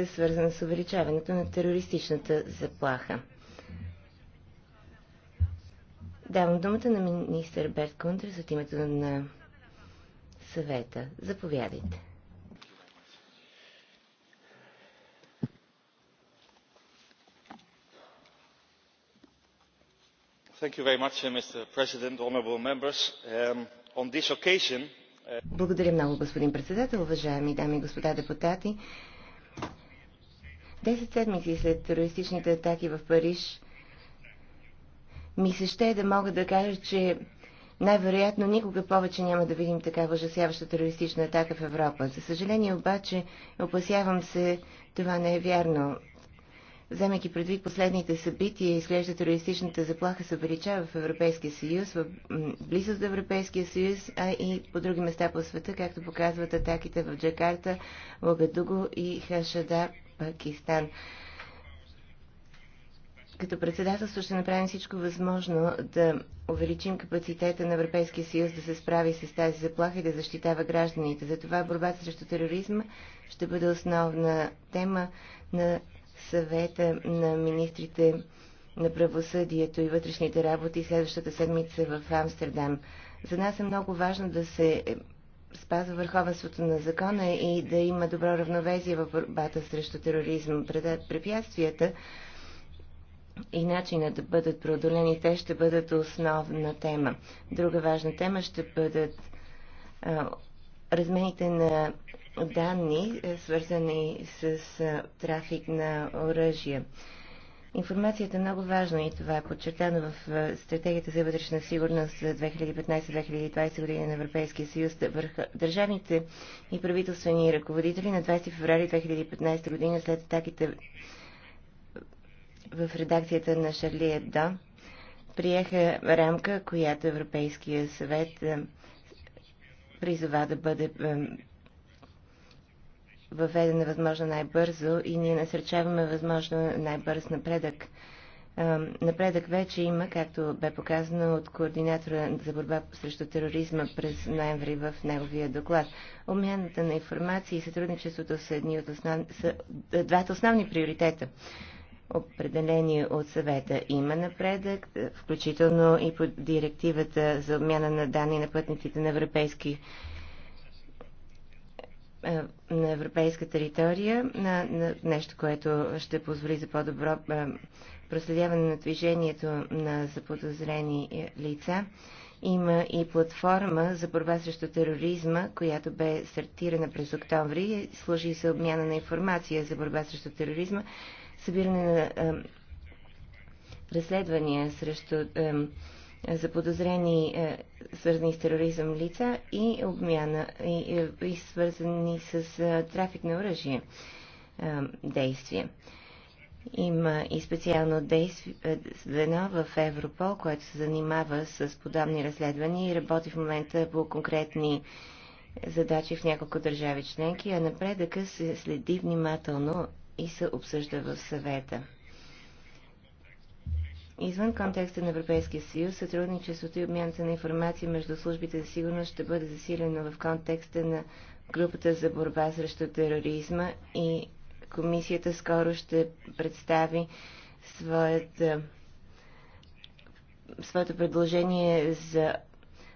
е свързан с увеличаването на терористичната заплаха. Давам думата на министър Берт Кунтрес от името на съвета. Заповядайте. Much, uh, um, occasion... Uh, Благодаря много, господин председател. Уважаеми дами и господа депутати, Десет седмици след терористичните атаки в Париж ми се ще да мога да кажа, че най-вероятно никога повече няма да видим такава ужасяваща терористична атака в Европа. За съжаление обаче, опасявам се, това не е вярно. Вземайки предвид последните събития, изглежда терористичната заплаха се увеличава в Европейския съюз, в близост до Европейския съюз, а и по други места по света, както показват атаките в Джакарта, Лагадуго и Хашада, Пакистан. Като председателство ще направим всичко възможно да увеличим капацитета на Европейския съюз да се справи с тази заплаха и да защитава гражданите. Затова борбата срещу тероризма ще бъде основна тема на съвета на министрите на правосъдието и вътрешните работи следващата седмица в Амстердам. За нас е много важно да се спазва върховенството на закона и да има добро равновесие в борбата срещу тероризма. Препятствията и начина да бъдат преодолени, те ще бъдат основна тема. Друга важна тема ще бъдат а, размените на данни, е, свързани с е, трафик на оръжия. Информацията е много важна и това е подчертано в е, Стратегията за вътрешна сигурност за 2015-2020 година на Европейския съюз. Държавните и правителствени ръководители на 20 феврали 2015 година след атаките в редакцията на Шарли Ебдо приеха рамка, която Европейския съвет призова да бъде въведена възможно най-бързо и ние насърчаваме възможно най-бърз напредък. Напредък вече има, както бе показано от координатора за борба срещу тероризма през ноември в неговия доклад. Обмяната на информация и сътрудничеството са, едни от основ... са е, двата основни приоритета. Определени от съвета има напредък, е, включително и по директивата за обмяна на данни на пътниците на Европейски е, на европейска територия, на, на нещо, което ще позволи за по-добро е, проследяване на движението на заподозрени е, лица. Има и платформа за борба срещу тероризма, която бе стартирана през октомври. Служи за обмяна на информация за борба срещу тероризма, събиране на е, разследвания срещу е, за подозрени е, свързани с тероризъм лица и обмяна и, е, и свързани с е, трафик на оръжие действия. Има и специално звено в Европол, което се занимава с подобни разследвания и работи в момента по конкретни задачи в няколко държави членки, а напредъка се следи внимателно и се обсъжда в съвета. Извън контекста на Европейския съюз, сътрудничеството и обмяната на информация между службите за сигурност ще бъде засилено в контекста на групата за борба срещу тероризма и комисията скоро ще представи своята, е, своето предложение за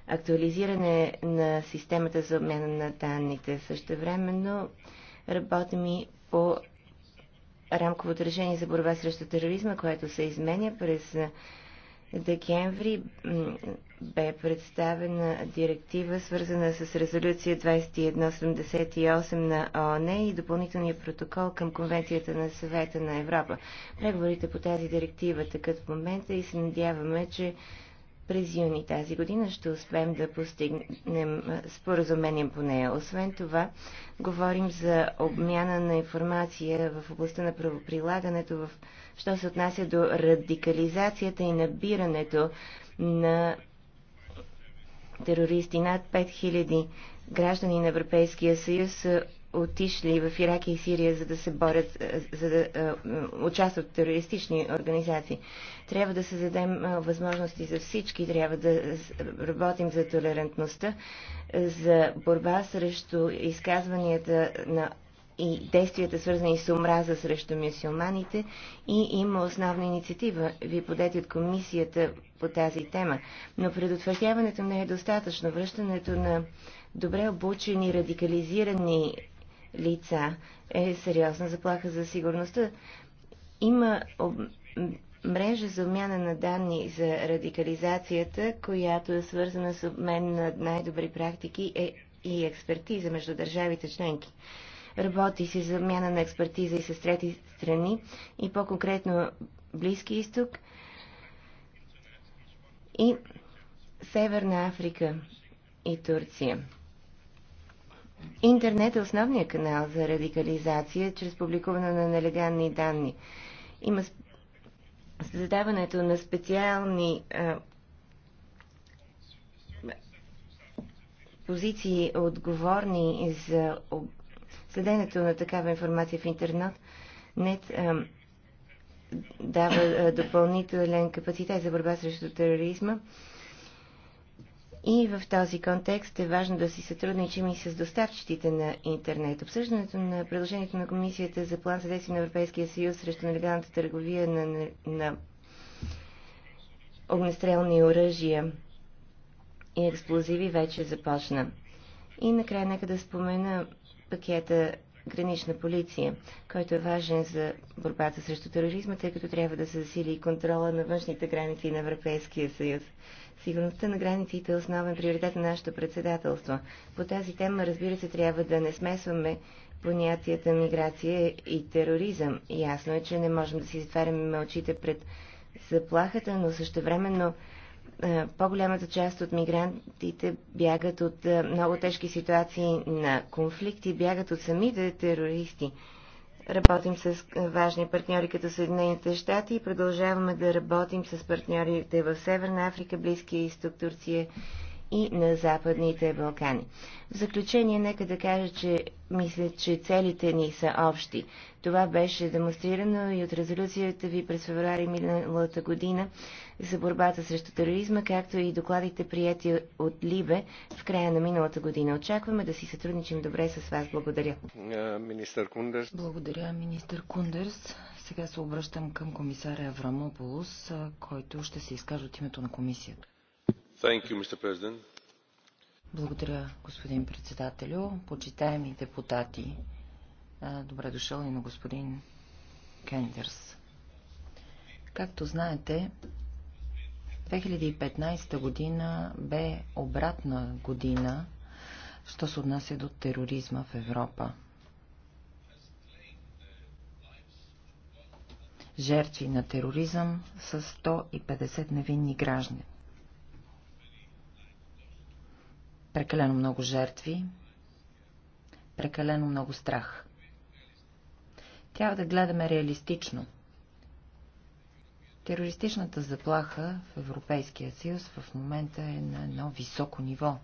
актуализиране на системата за обмяна на данните. също Същевременно работим и по рамковото решение за борба срещу тероризма, което се изменя през декември бе представена директива, свързана с резолюция 2178 на ООН и допълнителния протокол към Конвенцията на съвета на Европа. Преговорите по тази директива такът в момента и се надяваме, че през юни тази година ще успеем да постигнем споразумение по нея. Освен това, говорим за обмяна на информация в областта на правоприлагането, в... що се отнася до радикализацията и набирането на терористи. Над 5000 граждани на Европейския съюз са отишли в Ирак и Сирия, за да се борят, е, за да е, участват в терористични организации. Трябва да създадем е, възможности за всички, трябва да работим за толерантността, за борба срещу изказванията на и действията, свързани с омраза срещу мюсюлманите и има основна инициатива, ви подете от комисията по тази тема. Но предотвратяването не е достатъчно. Връщането на добре обучени, радикализирани лица е сериозна заплаха за сигурността. Има об... мрежа за обмяна на данни за радикализацията, която е свързана с обмен на най-добри практики е... и експертиза между държавите членки. Работи се за обмяна на експертиза и с трети страни и по-конкретно Близки изток и Северна Африка и Турция. Интернет е основният канал за радикализация чрез публикуване на нелегални данни. Има създаването на специални а, позиции, отговорни за следенето на такава информация в интернет, нет а, дава допълнителен капацитет за борба срещу тероризма и в този контекст е важно да си сътрудничим и с доставчиците на интернет. Обсъждането на предложението на Комисията за план за действие на Европейския съюз срещу нелегалната търговия на, на, на огнестрелни оръжия и експлозиви вече започна. И накрая нека да спомена пакета гранична полиция, който е важен за борбата срещу тероризма, тъй като трябва да се засили и контрола на външните граници на Европейския съюз. Сигурността на границите е основен приоритет на нашето председателство. По тази тема, разбира се, трябва да не смесваме понятията миграция и тероризъм. Ясно е, че не можем да си затваряме очите пред заплахата, но същевременно е, по-голямата част от мигрантите бягат от е, много тежки ситуации на конфликти, бягат от самите терористи. Работим с важни партньори като Съединените щати и продължаваме да работим с партньорите в Северна Африка, Близкия изток, Турция и на Западните Балкани. В заключение, нека да кажа, че мисля, че целите ни са общи. Това беше демонстрирано и от резолюцията ви през феврари миналата година за борбата срещу тероризма, както и докладите прияти от Либе в края на миналата година. Очакваме да си сътрудничим добре с вас. Благодаря. Е, министър Кундерс. Благодаря, министър Кундерс. Сега се обръщам към комисаря Аврамополус, който ще се изкаже от името на комисията. Thank you, Mr. President. Благодаря, господин председателю. Почитаеми депутати, Добре дошъл и на господин Кендерс. Както знаете, 2015 година бе обратна година, що се отнася до тероризма в Европа. Жертви на тероризъм са 150 невинни граждани. Прекалено много жертви, прекалено много страх. Трябва да гледаме реалистично. Терористичната заплаха в Европейския съюз в момента е на едно високо ниво.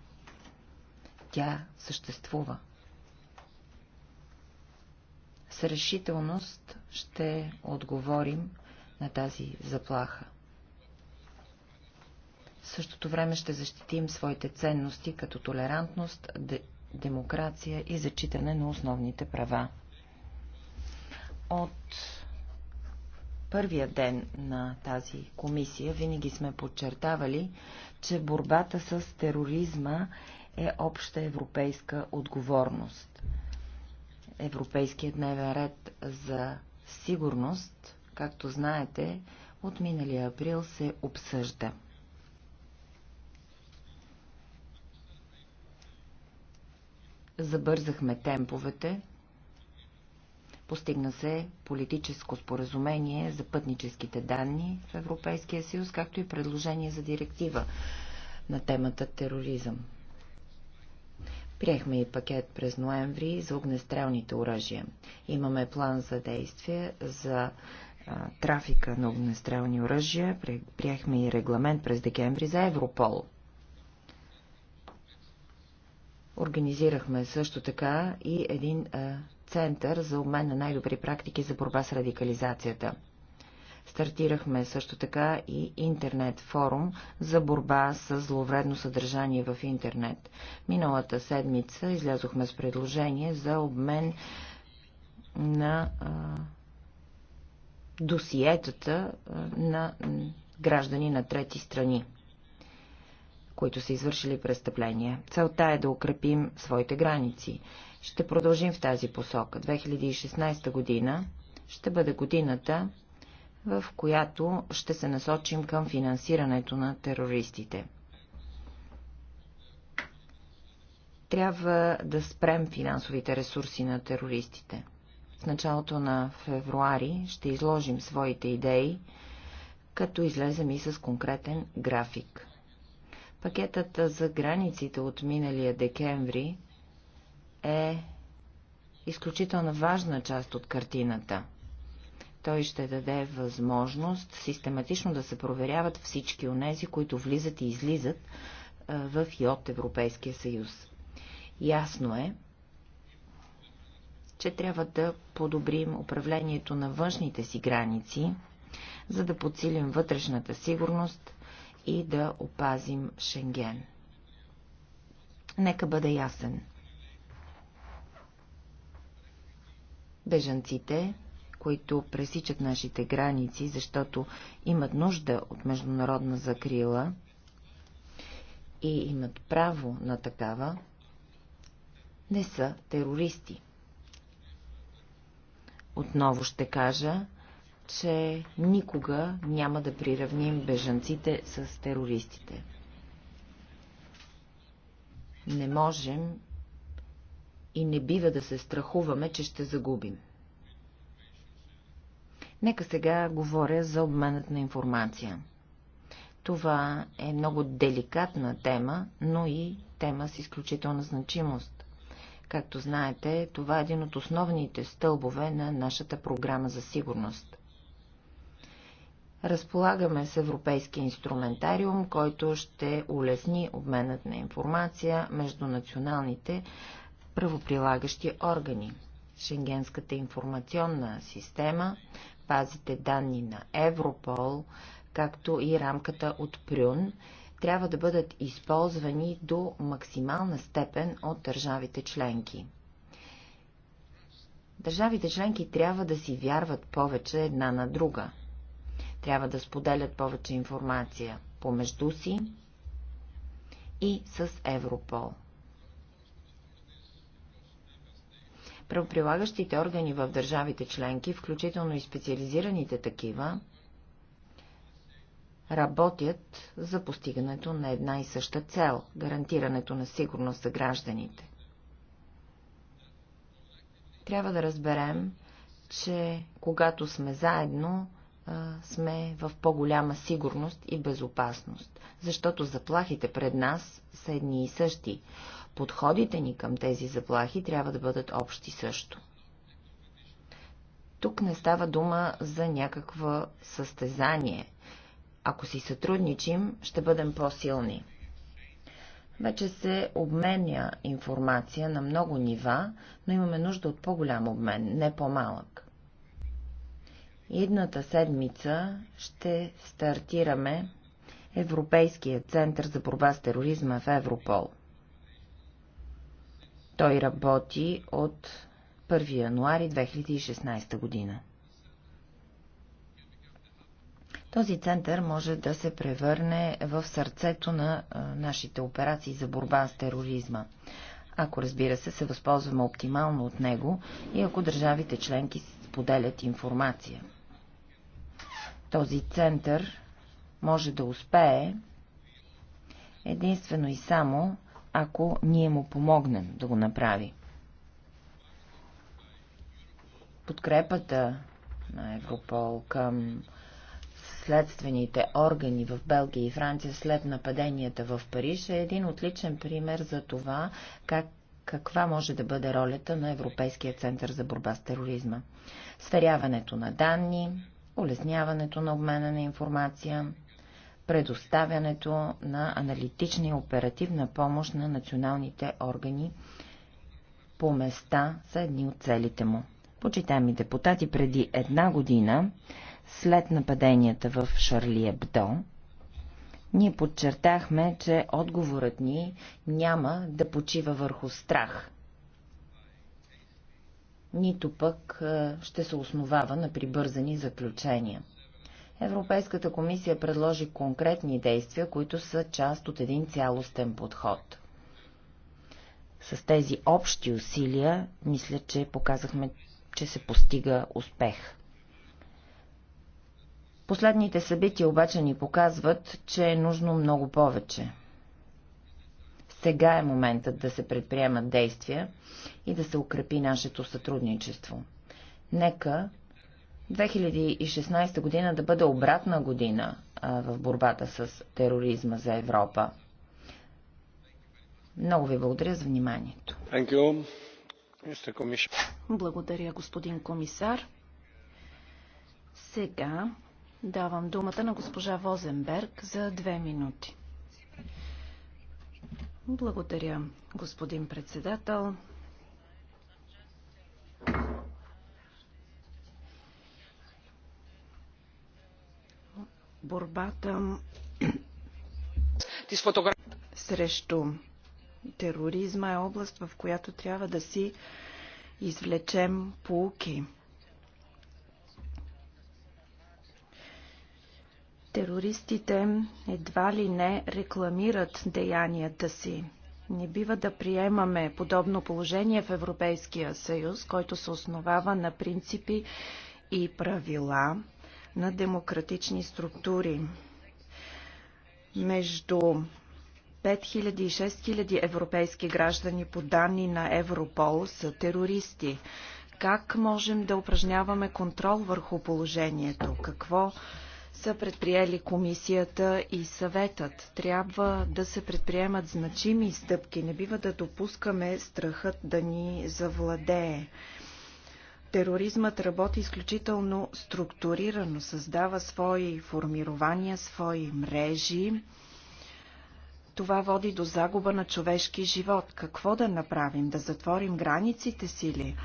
Тя съществува. С решителност ще отговорим на тази заплаха. В същото време ще защитим своите ценности като толерантност, демокрация и зачитане на основните права от първия ден на тази комисия винаги сме подчертавали, че борбата с тероризма е обща европейска отговорност. Европейският дневен ред за сигурност, както знаете, от миналия април се обсъжда. Забързахме темповете, Постигна се политическо споразумение за пътническите данни в Европейския съюз, както и предложение за директива на темата тероризъм. Приехме и пакет през ноември за огнестрелните оръжия. Имаме план за действие за а, трафика на огнестрелни оръжия. Приехме и регламент през декември за Европол. Организирахме също така и един а, център за обмен на най-добри практики за борба с радикализацията. Стартирахме също така и интернет форум за борба с зловредно съдържание в интернет. Миналата седмица излязохме с предложение за обмен на а, досиетата на граждани на трети страни, които са извършили престъпления. Целта е да укрепим своите граници. Ще продължим в тази посока. 2016 година ще бъде годината, в която ще се насочим към финансирането на терористите. Трябва да спрем финансовите ресурси на терористите. В началото на февруари ще изложим своите идеи, като излезем и с конкретен график. Пакетът за границите от миналия декември е изключително важна част от картината. Той ще даде възможност систематично да се проверяват всички онези, които влизат и излизат в и от Европейския съюз. Ясно е, че трябва да подобрим управлението на външните си граници, за да подсилим вътрешната сигурност и да опазим Шенген. Нека бъда ясен. бежанците, които пресичат нашите граници, защото имат нужда от международна закрила и имат право на такава, не са терористи. Отново ще кажа, че никога няма да приравним бежанците с терористите. Не можем и не бива да се страхуваме, че ще загубим. Нека сега говоря за обменът на информация. Това е много деликатна тема, но и тема с изключителна значимост. Както знаете, това е един от основните стълбове на нашата програма за сигурност. Разполагаме с европейски инструментариум, който ще улесни обменът на информация между националните правоприлагащи органи. Шенгенската информационна система, базите данни на Европол, както и рамката от Прюн, трябва да бъдат използвани до максимална степен от държавите членки. Държавите членки трябва да си вярват повече една на друга. Трябва да споделят повече информация помежду си и с Европол. Правоприлагащите органи в държавите членки, включително и специализираните такива, работят за постигането на една и съща цел – гарантирането на сигурност за гражданите. Трябва да разберем, че когато сме заедно, сме в по-голяма сигурност и безопасност, защото заплахите пред нас са едни и същи подходите ни към тези заплахи трябва да бъдат общи също. Тук не става дума за някаква състезание. Ако си сътрудничим, ще бъдем по-силни. Вече се обменя информация на много нива, но имаме нужда от по-голям обмен, не по-малък. Едната седмица ще стартираме Европейския център за борба с тероризма в Европол – той работи от 1 януари 2016 година. Този център може да се превърне в сърцето на нашите операции за борба с тероризма. Ако разбира се, се възползваме оптимално от него и ако държавите членки споделят информация. Този център може да успее единствено и само ако ние му помогнем да го направи. Подкрепата на Европол към следствените органи в Белгия и Франция след нападенията в Париж е един отличен пример за това как каква може да бъде ролята на Европейския център за борба с тероризма. Сверяването на данни, улесняването на обмена на информация, предоставянето на аналитична и оперативна помощ на националните органи по места са едни от целите му. Почитаеми депутати, преди една година, след нападенията в Шарли Ебдо, ние подчертахме, че отговорът ни няма да почива върху страх, нито пък ще се основава на прибързани заключения – Европейската комисия предложи конкретни действия, които са част от един цялостен подход. С тези общи усилия, мисля, че показахме, че се постига успех. Последните събития обаче ни показват, че е нужно много повече. Сега е моментът да се предприемат действия и да се укрепи нашето сътрудничество. Нека 2016 година да бъде обратна година а, в борбата с тероризма за Европа. Много ви благодаря за вниманието. Благодаря, господин комисар. Сега давам думата на госпожа Возенберг за две минути. Благодаря, господин председател. борбата срещу тероризма е област, в която трябва да си извлечем полуки. Терористите едва ли не рекламират деянията си. Не бива да приемаме подобно положение в Европейския съюз, който се основава на принципи и правила, на демократични структури. Между 5000 и 6000 европейски граждани по данни на Европол са терористи. Как можем да упражняваме контрол върху положението? Какво са предприели комисията и съветът. Трябва да се предприемат значими стъпки. Не бива да допускаме страхът да ни завладее. Тероризмът работи изключително структурирано, създава свои формирования, свои мрежи. Това води до загуба на човешки живот. Какво да направим? Да затворим границите си ли?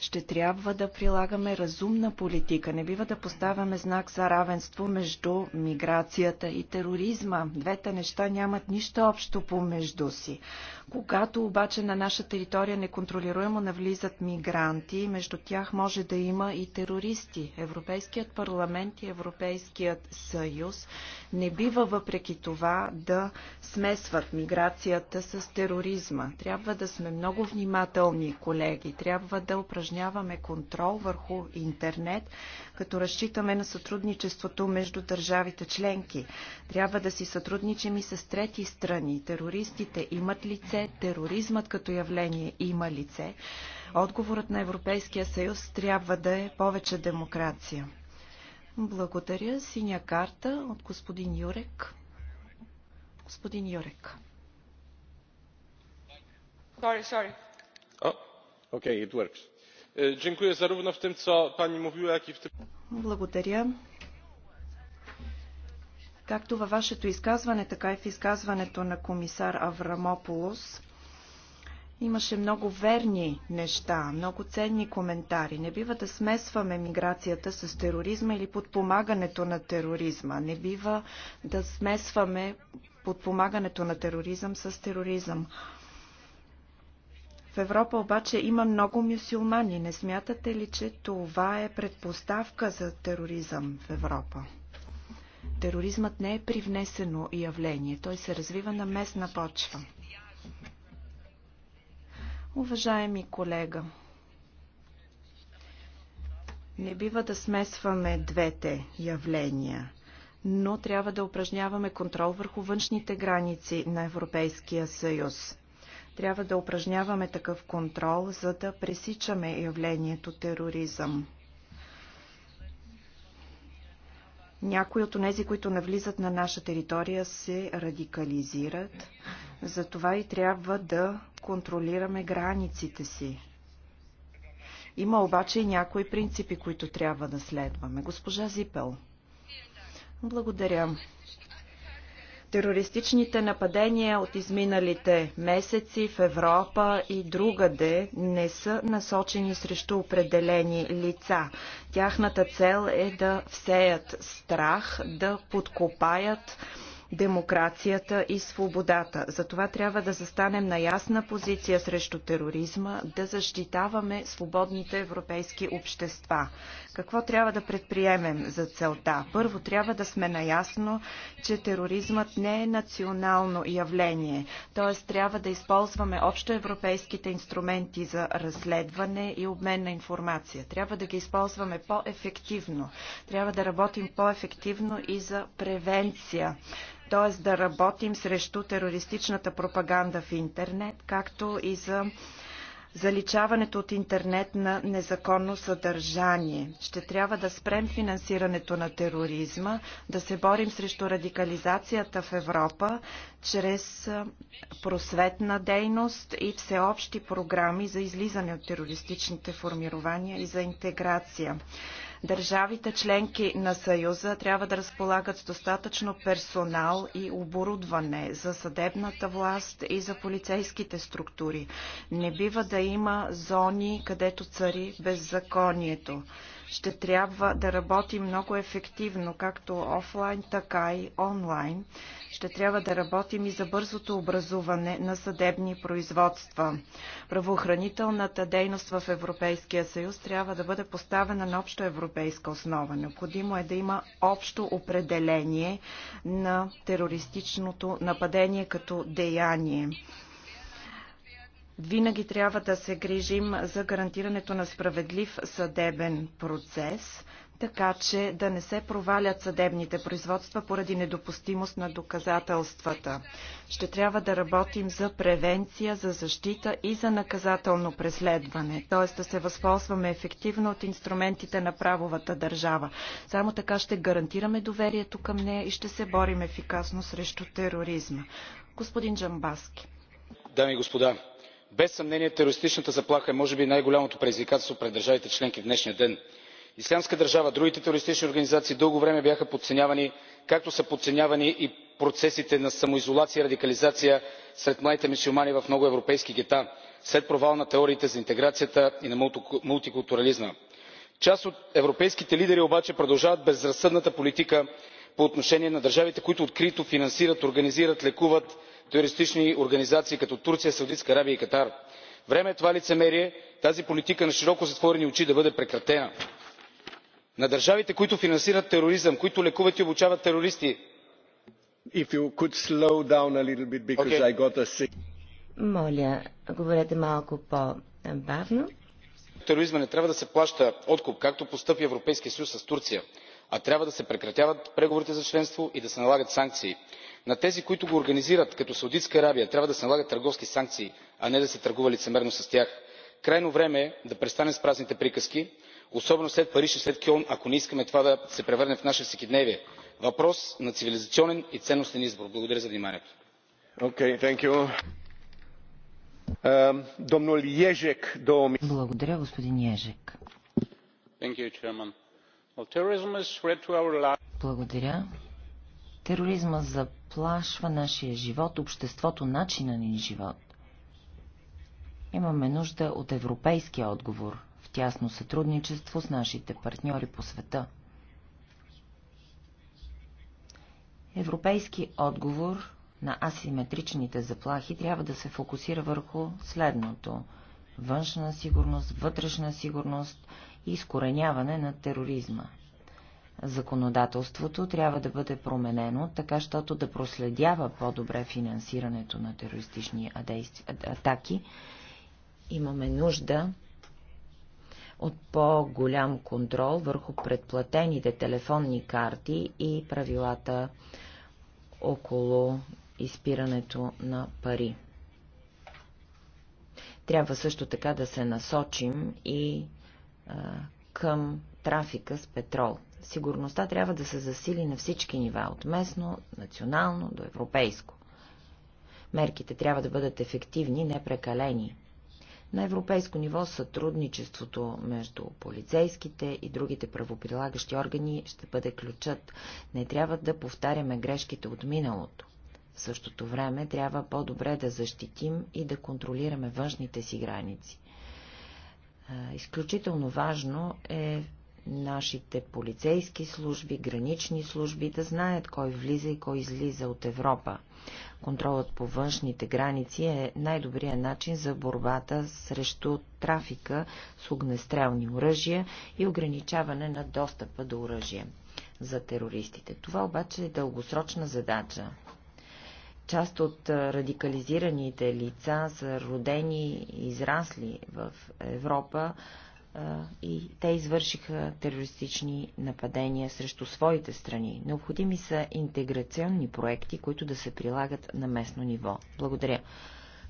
Ще трябва да прилагаме разумна политика. Не бива да поставяме знак за равенство между миграцията и тероризма. Двете неща нямат нищо общо помежду си. Когато обаче на наша територия неконтролируемо навлизат мигранти, между тях може да има и терористи. Европейският парламент и Европейският съюз не бива въпреки това да смесват миграцията с тероризма. Трябва да сме много внимателни, колеги. Трябва да упражняваме контрол върху интернет, като разчитаме на сътрудничеството между държавите членки. Трябва да си сътрудничим и с трети страни. Терористите имат лице, тероризмът като явление има лице. Отговорът на Европейския съюз трябва да е повече демокрация. Благодаря. Синя карта от господин Юрек. Господин Юрек. Sorry, sorry. Oh, okay, it works. E, dziękuję zarówno w tym, co pani mówiła, jak и в tym... Благодаря. Както във вашето изказване, така и в изказването на комисар Аврамополос, имаше много верни неща, много ценни коментари. Не бива да смесваме миграцията с тероризма или подпомагането на тероризма. Не бива да смесваме подпомагането на тероризъм с тероризъм. В Европа обаче има много мюсюлмани. Не смятате ли, че това е предпоставка за тероризъм в Европа? Тероризмът не е привнесено явление. Той се развива на местна почва. Уважаеми колега, не бива да смесваме двете явления, но трябва да упражняваме контрол върху външните граници на Европейския съюз. Трябва да упражняваме такъв контрол, за да пресичаме явлението тероризъм. Някои от тези, които навлизат на наша територия, се радикализират. Затова и трябва да контролираме границите си. Има обаче и някои принципи, които трябва да следваме. Госпожа Зипел. Благодаря. Терористичните нападения от изминалите месеци в Европа и другаде не са насочени срещу определени лица. Тяхната цел е да всеят страх, да подкопаят демокрацията и свободата. Затова трябва да застанем на ясна позиция срещу тероризма, да защитаваме свободните европейски общества. Какво трябва да предприемем за целта? Първо трябва да сме наясно, че тероризмът не е национално явление, т.е. трябва да използваме общоевропейските инструменти за разследване и обмен на информация. Трябва да ги използваме по-ефективно. Трябва да работим по-ефективно и за превенция т.е. да работим срещу терористичната пропаганда в интернет, както и за заличаването от интернет на незаконно съдържание. Ще трябва да спрем финансирането на тероризма, да се борим срещу радикализацията в Европа чрез просветна дейност и всеобщи програми за излизане от терористичните формирования и за интеграция. Държавите членки на Съюза трябва да разполагат с достатъчно персонал и оборудване за съдебната власт и за полицейските структури. Не бива да има зони, където цари беззаконието ще трябва да работим много ефективно, както офлайн, така и онлайн. Ще трябва да работим и за бързото образуване на съдебни производства. Правоохранителната дейност в Европейския съюз трябва да бъде поставена на общо европейска основа. Необходимо е да има общо определение на терористичното нападение като деяние. Винаги трябва да се грижим за гарантирането на справедлив съдебен процес, така че да не се провалят съдебните производства поради недопустимост на доказателствата. Ще трябва да работим за превенция, за защита и за наказателно преследване, т.е. да се възползваме ефективно от инструментите на правовата държава. Само така ще гарантираме доверието към нея и ще се борим ефикасно срещу тероризма. Господин Джамбаски. Дами и господа, без съмнение терористичната заплаха е може би най голямото предизвикателство пред държавите членки в днешния ден. ислямска държава другите терористични организации дълго време бяха подценявани както са подценявани и процесите на самоизолация и радикализация сред младите мюсюлмани в много европейски гета след провала на теориите за интеграцията и на мултикултурализма. част от европейските лидери обаче продължават безразсъдната политика по отношение на държавите които открито финансират организират лекуват терористични организации като турция саудитска арабия и катар. време е това лицемерие тази политика на широко затворени очи да бъде прекратена. на държавите които финансират тероризъм които лекуват и обучават терористи моля, говорете малко по-бавно. Тероризма не трябва да се плаща откуп, както постъпи Европейският съюз с Турция, а трябва да се прекратяват преговорите за членство и да се налагат санкции на тези които го организират като саудитска арабия трябва да се налагат търговски санкции а не да се търгува лицемерно с тях. крайно време е да престанем с празните приказки особено след париж и след кьолн ако не искаме това да се превърне в наше всекидневие. въпрос на цивилизационен и ценностен избор. благодаря за вниманието. Тероризма заплашва нашия живот, обществото, начина ни живот. Имаме нужда от европейския отговор в тясно сътрудничество с нашите партньори по света. Европейски отговор на асиметричните заплахи трябва да се фокусира върху следното – външна сигурност, вътрешна сигурност и изкореняване на тероризма – законодателството трябва да бъде променено, така щото да проследява по-добре финансирането на терористични атаки. Имаме нужда от по-голям контрол върху предплатените телефонни карти и правилата около изпирането на пари. Трябва също така да се насочим и а, към трафика с петрол сигурността трябва да се засили на всички нива, от местно, национално до европейско. Мерките трябва да бъдат ефективни, не прекалени. На европейско ниво сътрудничеството между полицейските и другите правоприлагащи органи ще бъде ключът. Не трябва да повтаряме грешките от миналото. В същото време трябва по-добре да защитим и да контролираме външните си граници. Изключително важно е нашите полицейски служби, гранични служби да знаят кой влиза и кой излиза от Европа. Контролът по външните граници е най-добрият начин за борбата срещу трафика с огнестрелни оръжия и ограничаване на достъпа до оръжие за терористите. Това обаче е дългосрочна задача. Част от радикализираните лица са родени и израсли в Европа, и те извършиха терористични нападения срещу своите страни. Необходими са интеграционни проекти, които да се прилагат на местно ниво. Благодаря.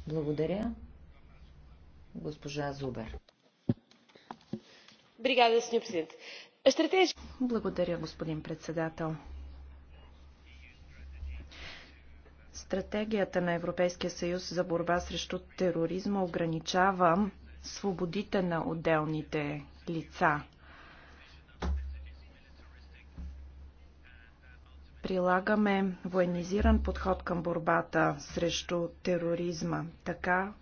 Благодаря. Госпожа Зубер. Бригада, господин Стратеж... Благодаря, господин председател. Стратегията на Европейския съюз за борба срещу тероризма ограничава свободите на отделните лица. Прилагаме военизиран подход към борбата срещу тероризма. Така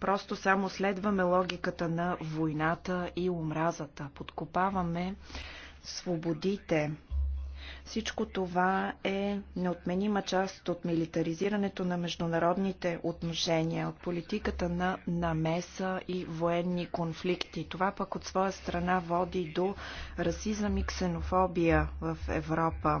просто само следваме логиката на войната и омразата. Подкопаваме свободите всичко това е неотменима част от милитаризирането на международните отношения, от политиката на намеса и военни конфликти. Това пък от своя страна води до расизъм и ксенофобия в Европа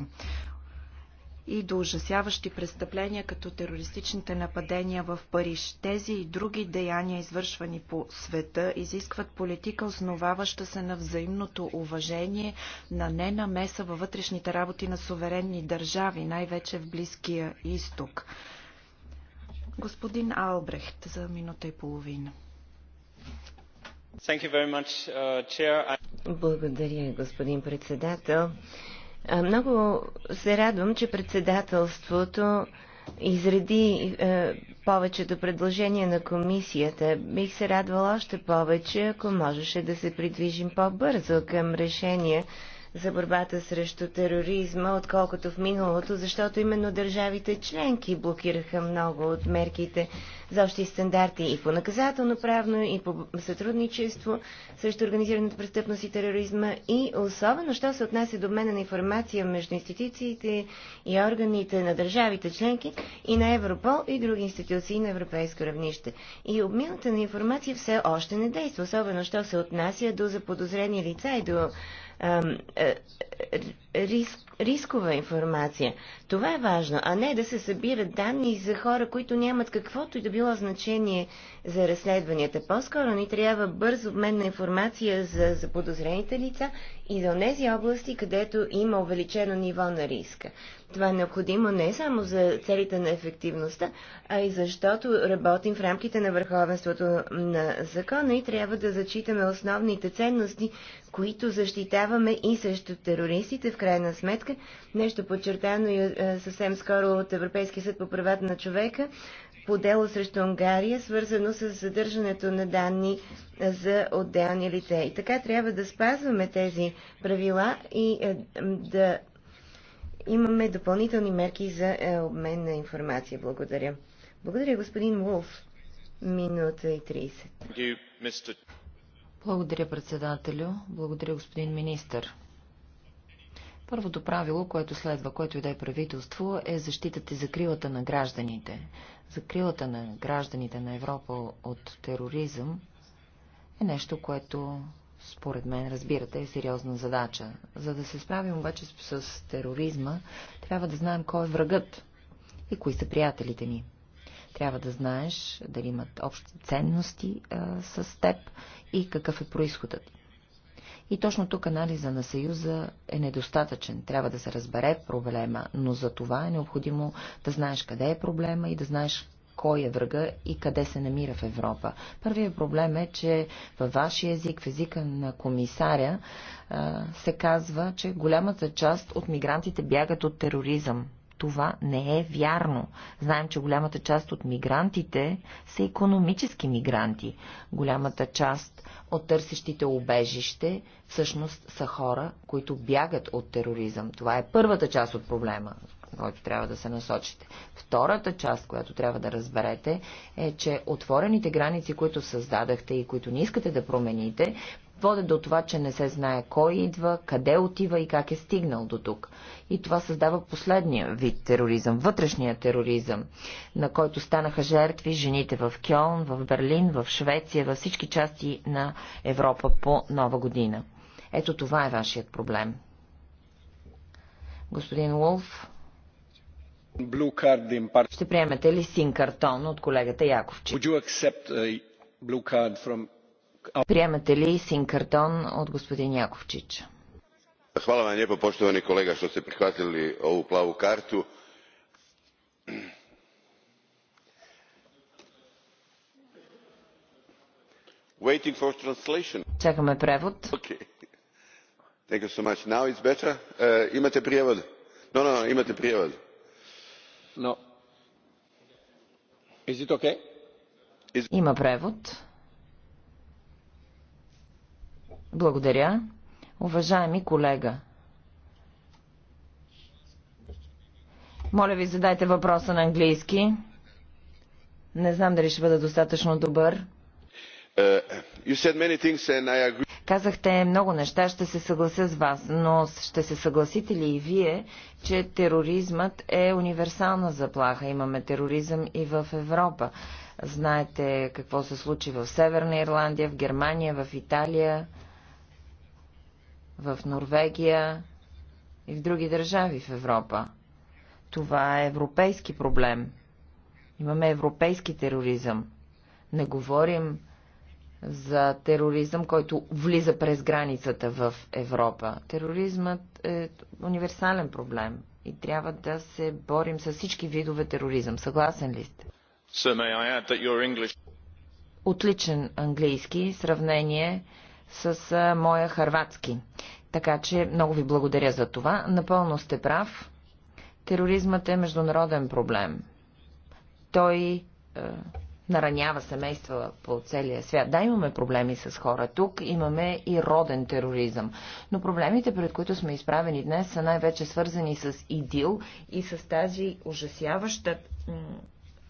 и до ужасяващи престъпления, като терористичните нападения в Париж. Тези и други деяния, извършвани по света, изискват политика, основаваща се на взаимното уважение, на ненамеса във вътрешните работи на суверенни държави, най-вече в Близкия изток. Господин Албрехт, за минута и половина. Uh, Благодаря, господин председател. Много се радвам, че председателството изреди е, повечето предложения на комисията. Бих се радвала още повече, ако можеше да се придвижим по-бързо към решение за борбата срещу тероризма, отколкото в миналото, защото именно държавите членки блокираха много от мерките за общи стандарти и по наказателно-правно, и по сътрудничество срещу организираната престъпност и тероризма, и особено, що се отнася до обмена на информация между институциите и органите на държавите членки и на Европол и други институции на европейско равнище. И обмината на информация все още не действа, особено, що се отнася до заподозрени лица и до е, е, рис, рискова информация. Това е важно, а не да се събират данни за хора, които нямат каквото и да било значение за разследванията. По-скоро ни трябва бърз обмен на информация за, за подозрените лица и за тези области, където има увеличено ниво на риска. Това е необходимо не само за целите на ефективността, а и защото работим в рамките на върховенството на закона и трябва да зачитаме основните ценности, които защитаваме и срещу терористите, в крайна сметка. Нещо подчертано и е, е, съвсем скоро от Европейския съд по правата на човека по дело срещу Унгария, свързано с задържането на данни е, за отделни лице. И така трябва да спазваме тези правила и да имаме допълнителни мерки за обмен на информация. Благодаря. Благодаря, господин Вулф. Минута и 30. Благодаря, председателю. Благодаря, господин министър. Първото правило, което следва, което и да е правителство, е защитата и закрилата на гражданите. Закрилата на гражданите на Европа от тероризъм е нещо, което според мен, разбирате, е сериозна задача. За да се справим обаче с тероризма, трябва да знаем кой е врагът и кои са приятелите ни. Трябва да знаеш дали имат общи ценности а, с теб и какъв е происходът. И точно тук анализа на Съюза е недостатъчен. Трябва да се разбере проблема, но за това е необходимо да знаеш къде е проблема и да знаеш кой е врага и къде се намира в Европа. Първият проблем е, че във вашия език, в езика на комисаря, се казва, че голямата част от мигрантите бягат от тероризъм това не е вярно. Знаем, че голямата част от мигрантите са економически мигранти. Голямата част от търсещите обежище всъщност са хора, които бягат от тероризъм. Това е първата част от проблема, който трябва да се насочите. Втората част, която трябва да разберете, е, че отворените граници, които създадахте и които не искате да промените, водят до това, че не се знае кой идва, къде отива и как е стигнал до тук. И това създава последния вид тероризъм, вътрешния тероризъм, на който станаха жертви жените в Кьолн, в Берлин, в Швеция, във всички части на Европа по Нова година. Ето това е вашият проблем. Господин Улф, ще приемете ли син картон от колегата Яковчев? Приемате ли син картон от господин Яковчич? Hvala vam lijepo poštovani kolega što ste prihvatili ovu plavu kartu. Waiting for translation. Чакаме превод. Okay. Thank you so much. Now it's better. Uh, имате превод. No, no, no, имате превод. No. Is it okay? Is... Има превод. Благодаря. Уважаеми колега, моля ви задайте въпроса на английски. Не знам дали ще бъда достатъчно добър. Uh, Казахте много неща, ще се съглася с вас, но ще се съгласите ли и вие, че тероризмът е универсална заплаха? Имаме тероризъм и в Европа. Знаете какво се случи в Северна Ирландия, в Германия, в Италия в Норвегия и в други държави в Европа. Това е европейски проблем. Имаме европейски тероризъм. Не говорим за тероризъм, който влиза през границата в Европа. Тероризмът е универсален проблем и трябва да се борим с всички видове тероризъм. Съгласен ли сте? English... Отличен английски, сравнение с а, моя харватски. Така че много ви благодаря за това. Напълно сте прав. Тероризмът е международен проблем. Той е, наранява семейства по целия свят. Да, имаме проблеми с хора тук, имаме и роден тероризъм. Но проблемите, пред които сме изправени днес, са най-вече свързани с ИДИЛ и с тази ужасяваща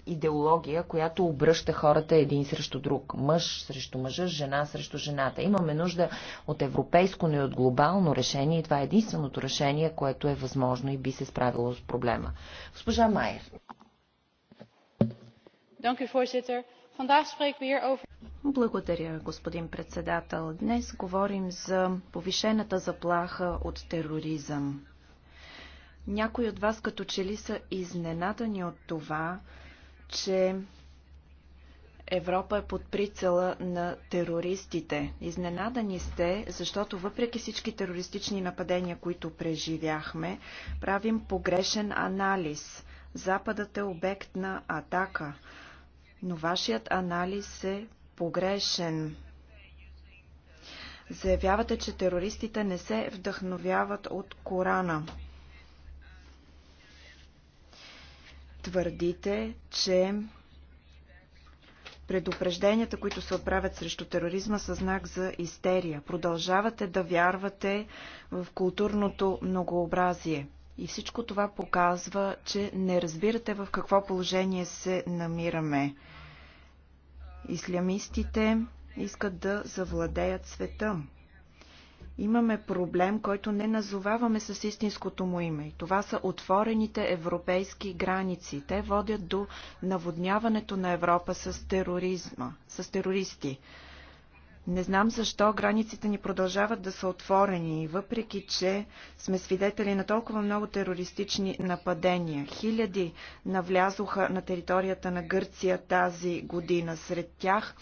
идеология, която обръща хората един срещу друг. Мъж срещу мъжа, жена срещу жената. Имаме нужда от европейско, но и от глобално решение. И това е единственото решение, което е възможно и би се справило с проблема. Госпожа Майер. Благодаря, господин председател. Днес говорим за повишената заплаха от тероризъм. Някои от вас като че ли са изненадани от това, че Европа е под прицела на терористите. Изненадани сте, защото въпреки всички терористични нападения, които преживяхме, правим погрешен анализ. Западът е обект на атака, но вашият анализ е погрешен. Заявявате, че терористите не се вдъхновяват от Корана. твърдите, че предупрежденията, които се отправят срещу тероризма са знак за истерия. Продължавате да вярвате в културното многообразие. И всичко това показва, че не разбирате в какво положение се намираме. Ислямистите искат да завладеят света. Имаме проблем, който не назоваваме с истинското му име. И това са отворените европейски граници. Те водят до наводняването на Европа с тероризма, с терористи. Не знам защо границите ни продължават да са отворени, въпреки че сме свидетели на толкова много терористични нападения. Хиляди навлязоха на територията на Гърция тази година. Сред тях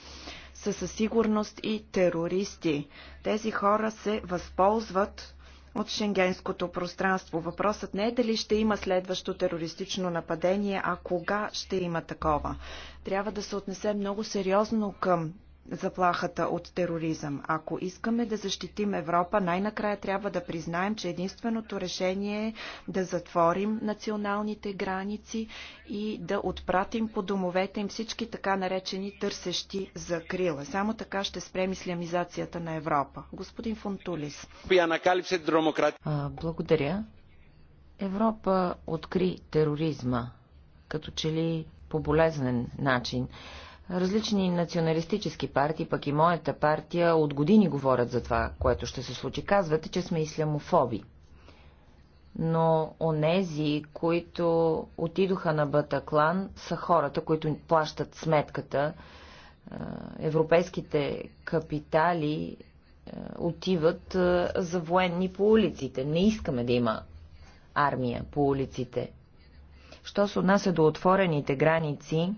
са със сигурност и терористи. Тези хора се възползват от шенгенското пространство. Въпросът не е дали ще има следващо терористично нападение, а кога ще има такова. Трябва да се отнесе много сериозно към заплахата от тероризъм. Ако искаме да защитим Европа, най-накрая трябва да признаем, че единственото решение е да затворим националните граници и да отпратим по домовете им всички така наречени търсещи закрила. Само така ще спрем ислямизацията на Европа. Господин Фонтулис. благодаря. Европа откри тероризма, като че ли по болезнен начин. Различни националистически партии, пък и моята партия, от години говорят за това, което ще се случи. Казвате, че сме ислямофоби. Но онези, които отидоха на Батаклан, са хората, които плащат сметката. Европейските капитали отиват за военни по улиците. Не искаме да има армия по улиците. Що се отнася до отворените граници,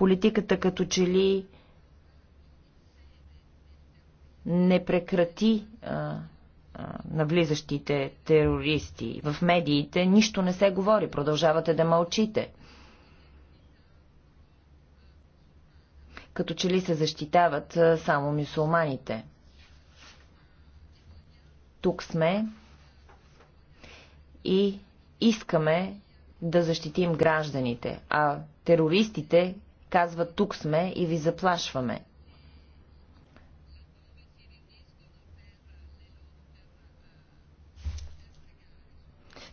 Политиката като че ли не прекрати а, а, навлизащите терористи. В медиите нищо не се говори, продължавате да мълчите. Като че ли се защитават а, само мюсулманите. Тук сме и искаме да защитим гражданите, а терористите казва тук сме и ви заплашваме.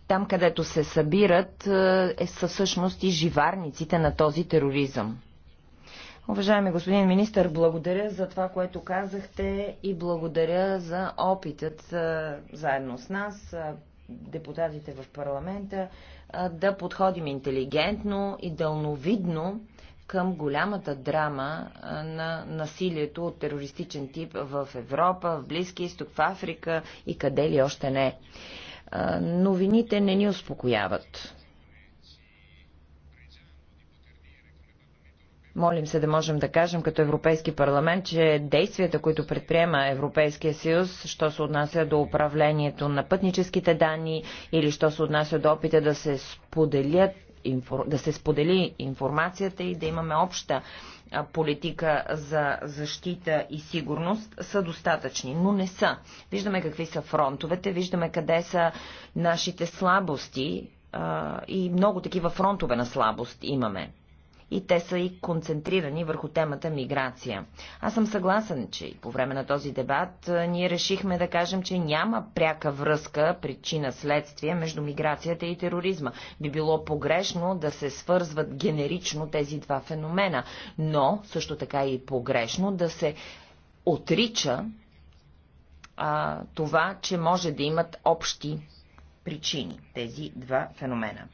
Там, където се събират, е, е всъщност и живарниците на този тероризъм. Уважаеми господин министр, благодаря за това, което казахте и благодаря за опитът е, заедно с нас, е, депутатите в парламента, да подходим интелигентно и дълновидно към голямата драма на насилието от терористичен тип в Европа, в Близки изток, в Африка и къде ли още не. Новините не ни успокояват. Молим се да можем да кажем като Европейски парламент, че действията, които предприема Европейския съюз, що се отнася до управлението на пътническите данни или що се отнася до опита да се споделят да се сподели информацията и да имаме обща политика за защита и сигурност са достатъчни, но не са. Виждаме какви са фронтовете, виждаме къде са нашите слабости и много такива фронтове на слабост имаме и те са и концентрирани върху темата миграция. Аз съм съгласен, че и по време на този дебат ние решихме да кажем, че няма пряка връзка, причина, следствие между миграцията и тероризма. Би било погрешно да се свързват генерично тези два феномена, но също така и погрешно да се отрича а, това, че може да имат общи причини тези два феномена.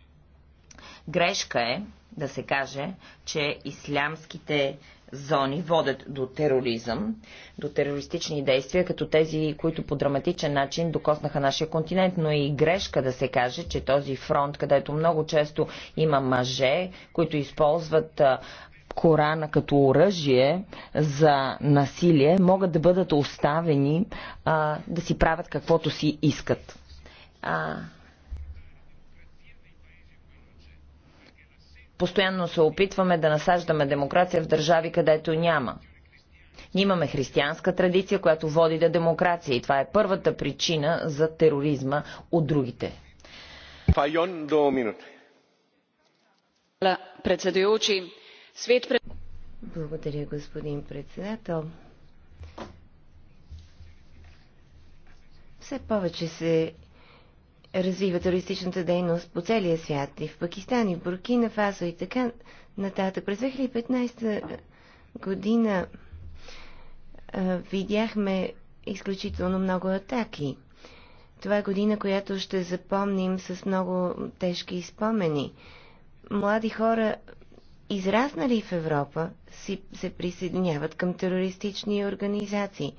Грешка е да се каже, че ислямските зони водят до тероризъм, до терористични действия, като тези, които по драматичен начин докоснаха нашия континент, но е и грешка да се каже, че този фронт, където много често има мъже, които използват Корана като оръжие за насилие, могат да бъдат оставени а, да си правят каквото си искат. А, Постоянно се опитваме да насаждаме демокрация в държави, където няма. Ние имаме християнска традиция, която води до да демокрация и това е първата причина за тероризма от другите. Файон, до минути. Благодаря, господин председател. Все повече се развива туристичната дейност по целия свят и в Пакистан, и в Буркина, Фасо и така нататък. През 2015 година а, видяхме изключително много атаки. Това е година, която ще запомним с много тежки спомени. Млади хора, израснали в Европа, си, се присъединяват към терористични организации.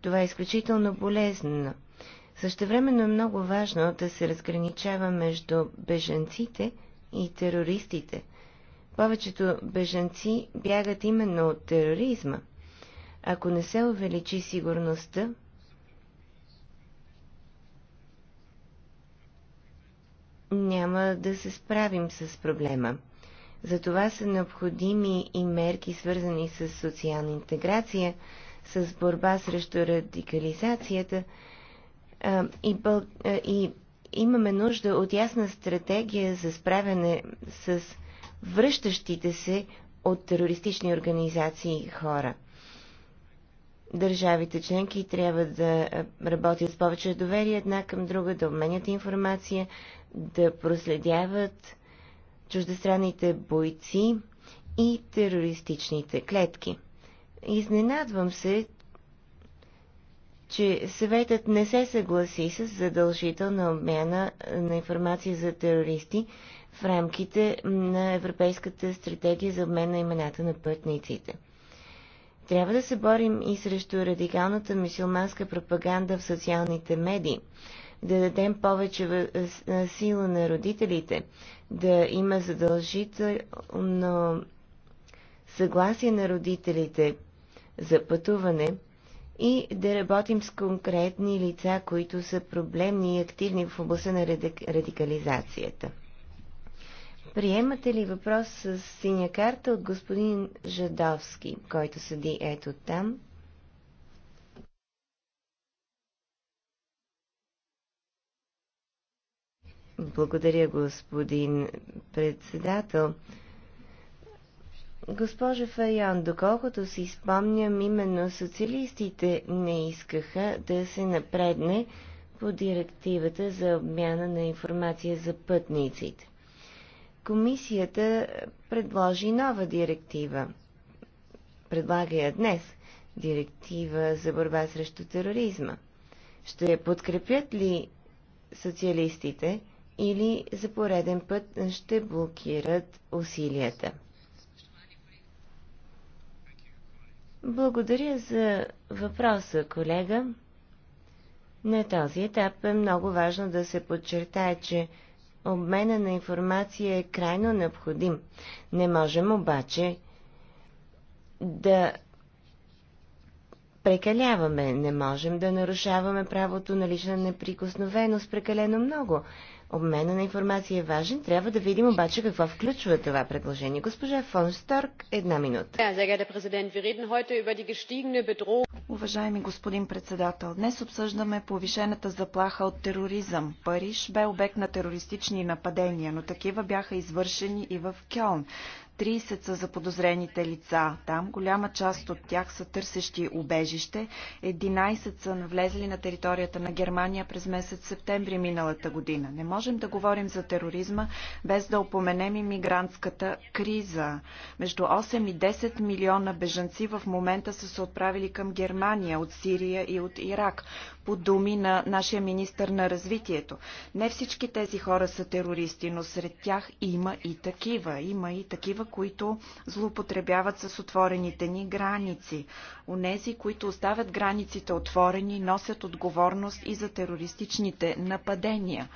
Това е изключително болезнено. Същевременно е много важно да се разграничава между бежанците и терористите. Повечето бежанци бягат именно от тероризма. Ако не се увеличи сигурността, няма да се справим с проблема. Затова са необходими и мерки, свързани с социална интеграция, с борба срещу радикализацията – и, бъл... и имаме нужда от ясна стратегия за справяне с връщащите се от терористични организации хора. Държавите членки трябва да работят с повече доверие една към друга, да обменят информация, да проследяват чуждестранните бойци и терористичните клетки. Изненадвам се, че съветът не се съгласи с задължителна обмяна е, на информация за терористи в рамките на Европейската стратегия за обмен на имената на пътниците. Трябва да се борим и срещу радикалната мусулманска пропаганда в социалните медии, да дадем повече е, е, сила на родителите, да има задължително съгласие на родителите за пътуване – и да работим с конкретни лица, които са проблемни и активни в областта на радикализацията. Приемате ли въпрос с синя карта от господин Жадовски, който седи ето там? Благодаря, господин председател. Госпожа Фаян, доколкото си спомням, именно социалистите не искаха да се напредне по директивата за обмяна на информация за пътниците. Комисията предложи нова директива. Предлага я днес. Директива за борба срещу тероризма. Ще я подкрепят ли социалистите или за пореден път ще блокират усилията? Благодаря за въпроса, колега. На този етап е много важно да се подчертае, че обмена на информация е крайно необходим. Не можем обаче да прекаляваме, не можем да нарушаваме правото на лична неприкосновеност прекалено много. Обмена на информация е важен, трябва да видим обаче какво включва това предложение. Госпожа фон Сторк, една минута. Уважаеми господин председател, днес обсъждаме повишената заплаха от тероризъм. Париж бе обект на терористични нападения, но такива бяха извършени и в Кьолн. 30 са заподозрените лица. Там голяма част от тях са търсещи убежище. 11 са навлезли на територията на Германия през месец септември миналата година. Не можем да говорим за тероризма без да упоменем и мигрантската криза. Между 8 и 10 милиона бежанци в момента са се отправили към Германия от Сирия и от Ирак по думи на нашия министр на развитието. Не всички тези хора са терористи, но сред тях има и такива. Има и такива, които злоупотребяват с отворените ни граници. Онези, които оставят границите отворени, носят отговорност и за терористичните нападения.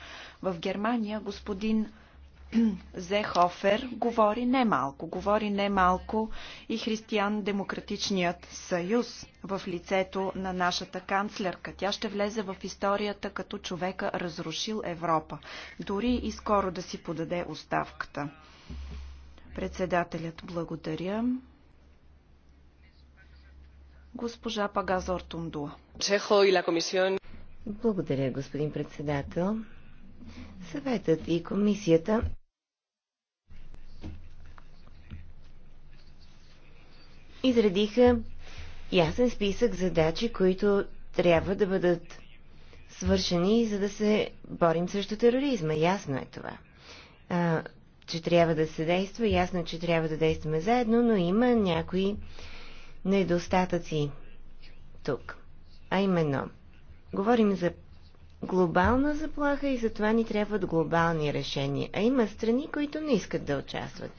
В Германия господин Зехофер говори немалко. Говори немалко и Християн-демократичният съюз в лицето на нашата канцлерка. Тя ще влезе в историята като човека разрушил Европа. Дори и скоро да си подаде оставката. Председателят благодаря. Госпожа Пагазор Тундуа. Благодаря, господин председател. Съветът и комисията изредиха ясен списък задачи, които трябва да бъдат свършени, за да се борим срещу тероризма. Ясно е това. А, че трябва да се действа, ясно е, че трябва да действаме заедно, но има някои недостатъци тук. А именно, говорим за глобална заплаха и затова ни трябват глобални решения. А има страни, които не искат да участват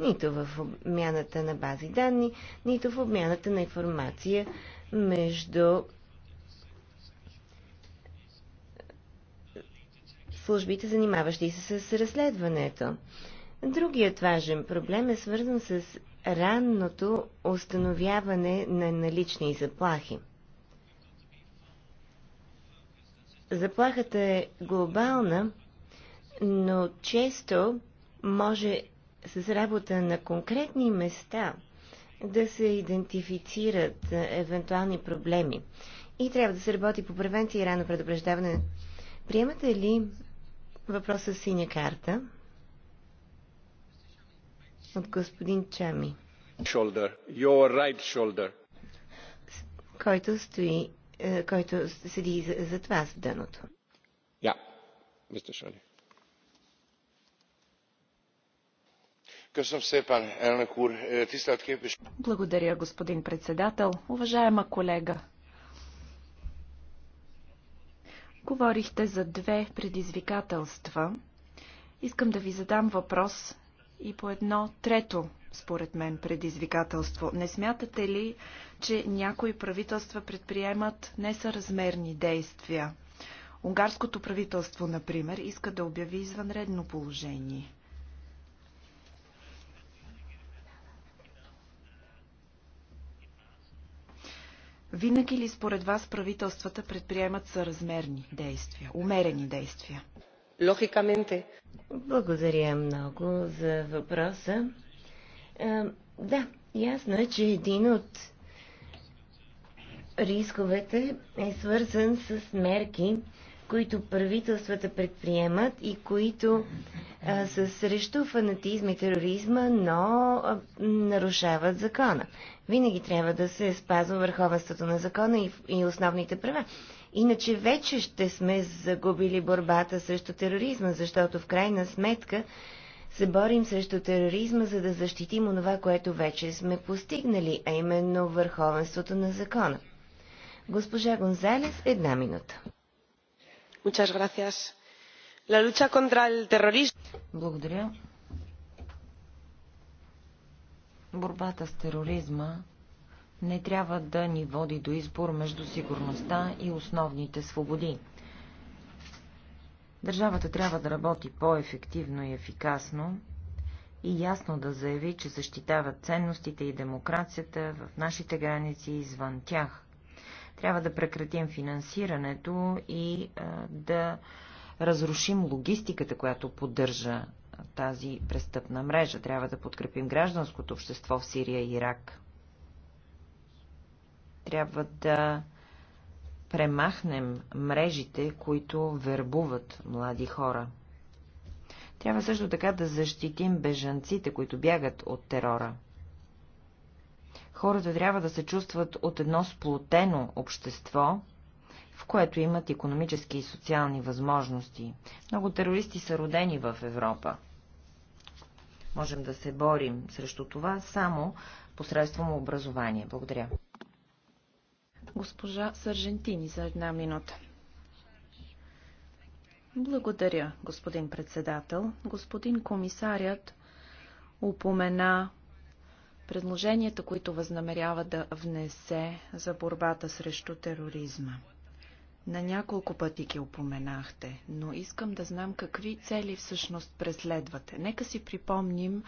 нито в обмяната на бази данни, нито в обмяната на информация между службите, занимаващи се с разследването. Другият важен проблем е свързан с ранното установяване на налични заплахи. Заплахата е глобална, но често може с работа на конкретни места да се идентифицират е, евентуални проблеми. И трябва да се работи по превенция и рано предупреждаване. Приемате ли въпроса с синя карта от господин Чами? Shoulder, your right shoulder. Който стои, е, който седи зад вас в дъното. Yeah, мистер Благодаря, господин председател. Уважаема колега, говорихте за две предизвикателства. Искам да ви задам въпрос и по едно трето, според мен, предизвикателство. Не смятате ли, че някои правителства предприемат несъразмерни действия? Унгарското правителство, например, иска да обяви извънредно положение. Винаги ли според вас правителствата предприемат съразмерни действия, умерени действия? Логикаменте. Благодаря много за въпроса. А, да, ясно е, че един от рисковете е свързан с мерки, които правителствата предприемат и които а, са срещу фанатизма и тероризма, но а, нарушават закона. Винаги трябва да се спазва върховенството на закона и, и основните права. Иначе вече ще сме загубили борбата срещу тероризма, защото в крайна сметка се борим срещу тероризма, за да защитим онова, което вече сме постигнали, а именно върховенството на закона. Госпожа Гонзалес, една минута. Благодаря. Борбата с тероризма не трябва да ни води до избор между сигурността и основните свободи. Държавата трябва да работи по-ефективно и ефикасно и ясно да заяви, че защитава ценностите и демокрацията в нашите граници и извън тях. Трябва да прекратим финансирането и да разрушим логистиката, която поддържа тази престъпна мрежа. Трябва да подкрепим гражданското общество в Сирия и Ирак. Трябва да премахнем мрежите, които вербуват млади хора. Трябва също така да защитим бежанците, които бягат от терора. Хората трябва да се чувстват от едно сплотено общество, в което имат економически и социални възможности. Много терористи са родени в Европа. Можем да се борим срещу това само посредством образование. Благодаря. Госпожа Сържентини за една минута. Благодаря, господин председател. Господин комисарят упомена предложенията, които възнамерява да внесе за борбата срещу тероризма. На няколко пъти ги упоменахте, но искам да знам какви цели всъщност преследвате. Нека си припомним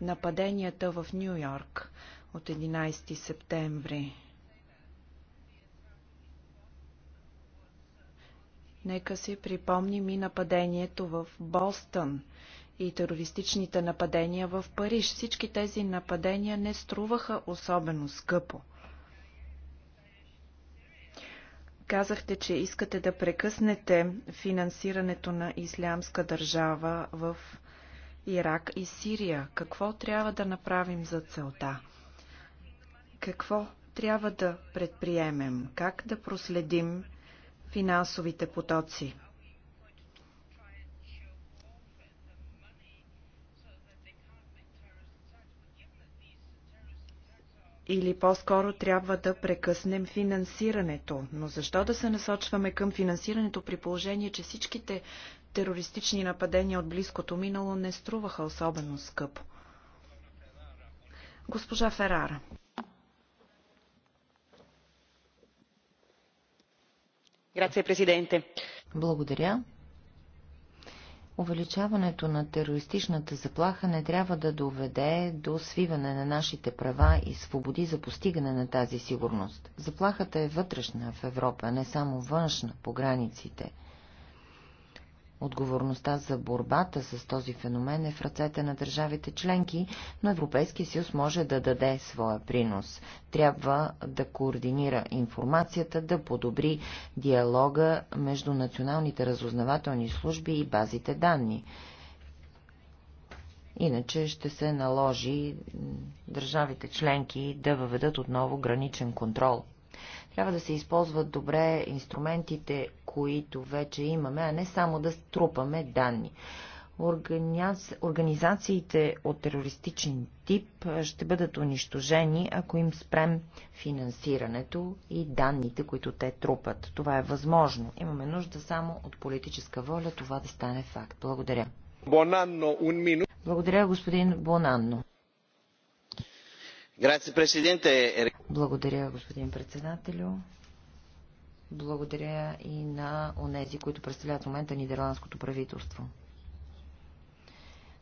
нападенията в Нью Йорк от 11 септември. Нека си припомним и нападението в Бостън – и терористичните нападения в Париж. Всички тези нападения не струваха особено скъпо. Казахте, че искате да прекъснете финансирането на ислямска държава в Ирак и Сирия. Какво трябва да направим за целта? Какво трябва да предприемем? Как да проследим финансовите потоци? или по-скоро трябва да прекъснем финансирането. Но защо да се насочваме към финансирането при положение, че всичките терористични нападения от близкото минало не струваха особено скъпо? Госпожа Ферара. Благодаря. Увеличаването на терористичната заплаха не трябва да доведе до свиване на нашите права и свободи за постигане на тази сигурност. Заплахата е вътрешна в Европа, не само външна по границите. Отговорността за борбата с този феномен е в ръцете на държавите членки, но Европейския съюз може да даде своя принос. Трябва да координира информацията, да подобри диалога между националните разузнавателни служби и базите данни. Иначе ще се наложи държавите членки да въведат отново граничен контрол. Трябва да се използват добре инструментите които вече имаме, а не само да струпаме данни. Организациите от терористичен тип ще бъдат унищожени, ако им спрем финансирането и данните, които те трупат. Това е възможно. Имаме нужда само от политическа воля това да стане факт. Благодаря. Бонанно, Благодаря, господин Бонанно. Благодаря, господин председателю. Благодаря и на онези, които представляват в момента нидерландското правителство.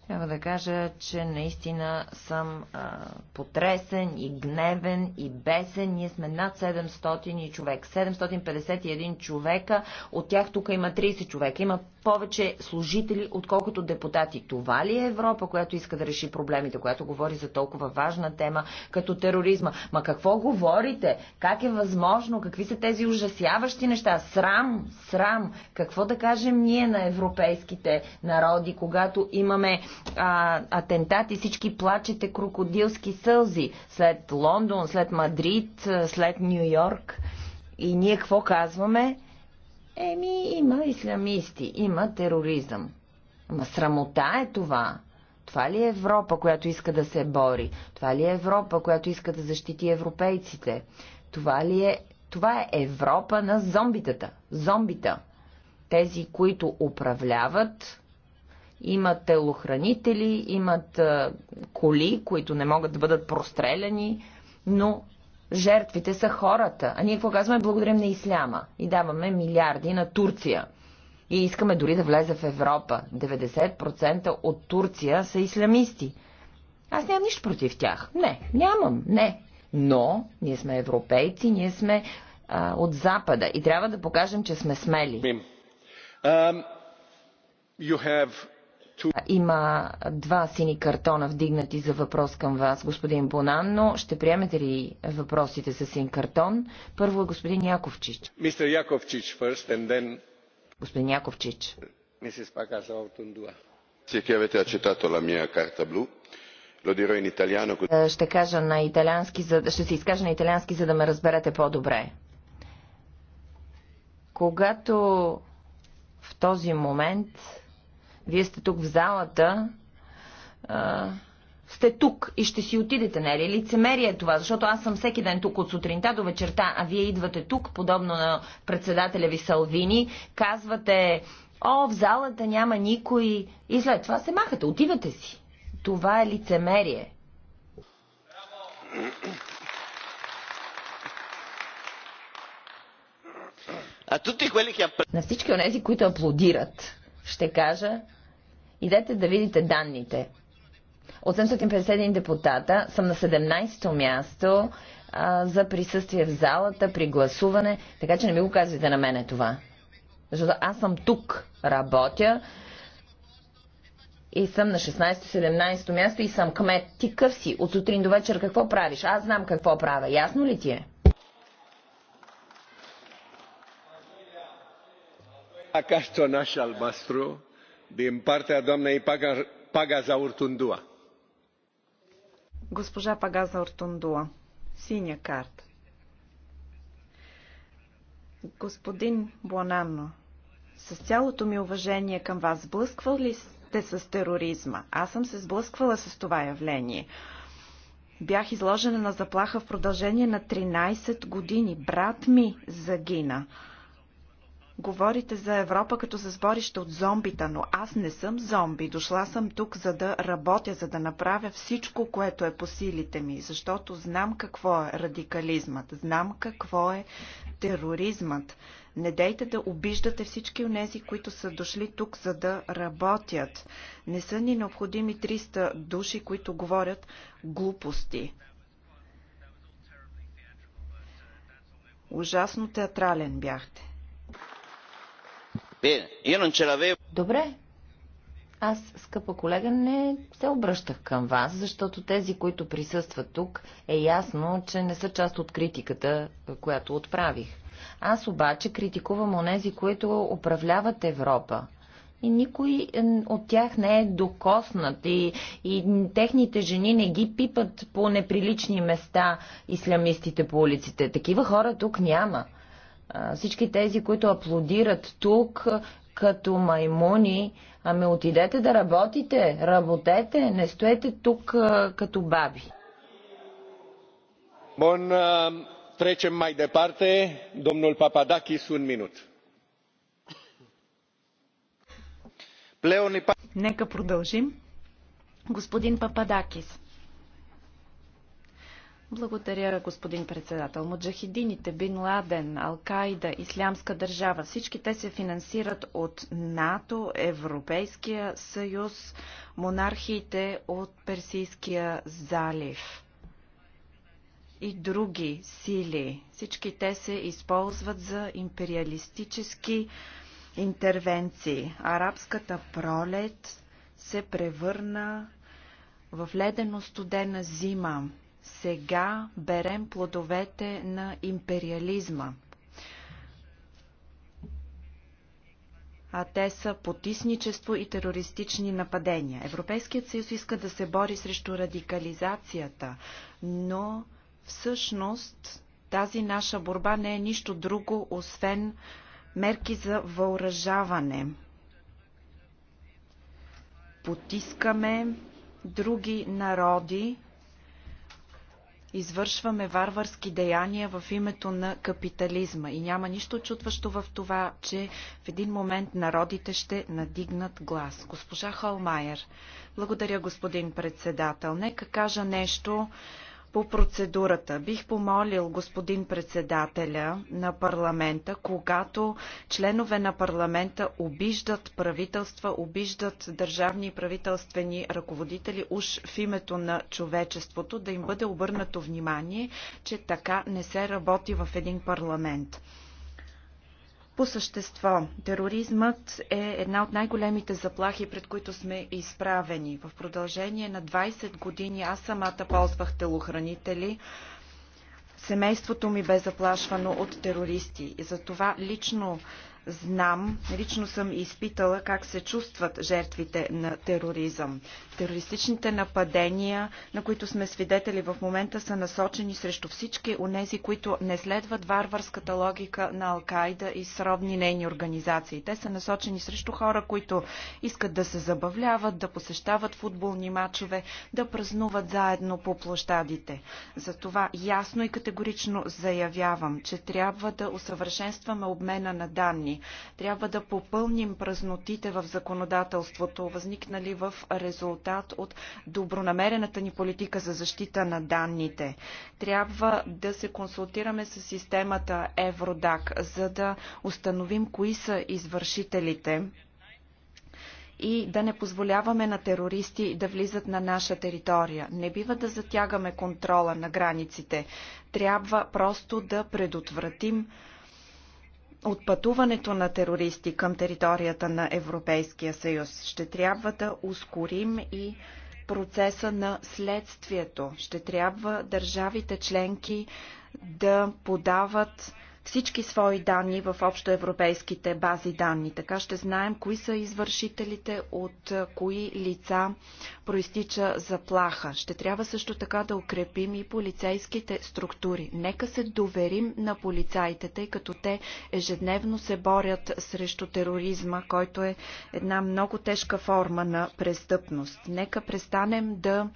Трябва да кажа, че наистина съм а, потресен и гневен и бесен. Ние сме над 700 човек. 751 човека, от тях тук има 30 човека. Има повече служители, отколкото депутати. Това ли е Европа, която иска да реши проблемите, която говори за толкова важна тема, като тероризма? Ма какво говорите? Как е възможно? Какви са тези ужасяващи неща? Срам, срам. Какво да кажем ние на европейските народи, когато имаме а, атентати, всички плачете крокодилски сълзи. След Лондон, след Мадрид, след Нью Йорк. И ние какво казваме? Еми, има ислямисти, има тероризъм. Ама срамота е това. Това ли е Европа, която иска да се бори? Това ли е Европа, която иска да защити европейците? Това ли е... Това е Европа на зомбитата. Зомбита. Тези, които управляват, имат телохранители, имат коли, които не могат да бъдат простреляни, но жертвите са хората. А ние какво казваме? Благодарим на Исляма и даваме милиарди на Турция. И искаме дори да влезе в Европа. 90% от Турция са ислямисти. Аз нямам нищо против тях. Не, нямам, не. Но ние сме европейци, ние сме а, от Запада и трябва да покажем, че сме смели. Um, you have има два сини картона вдигнати за въпрос към вас, господин Бонан, но ще приемете ли въпросите с син картон? Първо е господин Яковчич. Мистер Яковчич first and then... Господин Яковчич. Мисис Пакаса Ортундуа. Che avete accettato la mia carta blu. Lo е, Ще кажа на италиански, за... ще се изкажа на италиански, за да ме разберете по-добре. Когато в този момент вие сте тук в залата, а, сте тук и ще си отидете, не ли? Лицемерие е това, защото аз съм всеки ден тук от сутринта до вечерта, а вие идвате тук, подобно на председателя ви Салвини, казвате, о, в залата няма никой и след това се махате, отивате си. Това е лицемерие. На всички от тези, които аплодират, ще кажа, Идете да видите данните. От 751 депутата съм на 17-то място а, за присъствие в залата, при гласуване, така че не ми го казвайте на мене това. Защото аз съм тук, работя и съм на 16-17 то място и съм кмет. Ти къв си? От сутрин до вечер какво правиш? Аз знам какво правя. Ясно ли ти е? Acastă naș albastru din partea doamnei синя карта. Господин Буананно, с цялото ми уважение към вас, сблъсквал ли сте с тероризма? Аз съм се сблъсквала с това явление. Бях изложена на заплаха в продължение на 13 години. Брат ми загина. Говорите за Европа като за сборище от зомбита, но аз не съм зомби. Дошла съм тук, за да работя, за да направя всичко, което е по силите ми, защото знам какво е радикализмат. знам какво е тероризмат. Не дейте да обиждате всички тези, които са дошли тук, за да работят. Не са ни необходими 300 души, които говорят глупости. Ужасно театрален бяхте. Добре. Аз, скъпа колега, не се обръщах към вас, защото тези, които присъстват тук, е ясно, че не са част от критиката, която отправих. Аз обаче критикувам онези, които управляват Европа и никой от тях не е докоснат и, и техните жени не ги пипат по неприлични места ислямистите по улиците. Такива хора тук няма всички тези, които аплодират тук като маймуни, ами отидете да работите, работете, не стоете тук като баби. Bun, trecem mai departe. Domnul Papadakis, un minut. Нека продължим. Господин Пападакис. Благодаря, господин председател. Муджахидините, Бин Ладен, Алкайда, Ислямска държава, всички те се финансират от НАТО, Европейския съюз, монархиите от Персийския залив и други сили. Всички те се използват за империалистически интервенции. Арабската пролет се превърна в ледено студена зима. Сега берем плодовете на империализма. а те са потисничество и терористични нападения. Европейският съюз иска да се бори срещу радикализацията, но всъщност тази наша борба не е нищо друго, освен мерки за въоръжаване. Потискаме други народи извършваме варварски деяния в името на капитализма. И няма нищо чутващо в това, че в един момент народите ще надигнат глас. Госпожа Холмайер, благодаря господин председател. Нека кажа нещо по процедурата бих помолил господин председателя на парламента, когато членове на парламента обиждат правителства, обиждат държавни и правителствени ръководители уж в името на човечеството, да им бъде обърнато внимание, че така не се работи в един парламент. По същество, тероризмът е една от най-големите заплахи, пред които сме изправени. В продължение на 20 години аз самата ползвах телохранители. Семейството ми бе заплашвано от терористи. И затова лично Знам, лично съм изпитала как се чувстват жертвите на тероризъм. Терористичните нападения, на които сме свидетели в момента, са насочени срещу всички онези, които не следват варварската логика на Алкайда и сродни нейни организации. Те са насочени срещу хора, които искат да се забавляват, да посещават футболни матчове, да празнуват заедно по площадите. Затова ясно и категорично заявявам, че трябва да усъвършенстваме обмена на данни трябва да попълним празнотите в законодателството, възникнали в резултат от добронамерената ни политика за защита на данните. Трябва да се консултираме с системата Евродак, за да установим кои са извършителите и да не позволяваме на терористи да влизат на наша територия. Не бива да затягаме контрола на границите. Трябва просто да предотвратим от пътуването на терористи към територията на Европейския съюз. Ще трябва да ускорим и процеса на следствието. Ще трябва държавите членки да подават всички свои данни в общоевропейските бази данни. Така ще знаем кои са извършителите, от кои лица проистича заплаха. Ще трябва също така да укрепим и полицейските структури. Нека се доверим на полицаите, тъй като те ежедневно се борят срещу тероризма, който е една много тежка форма на престъпност. Нека престанем да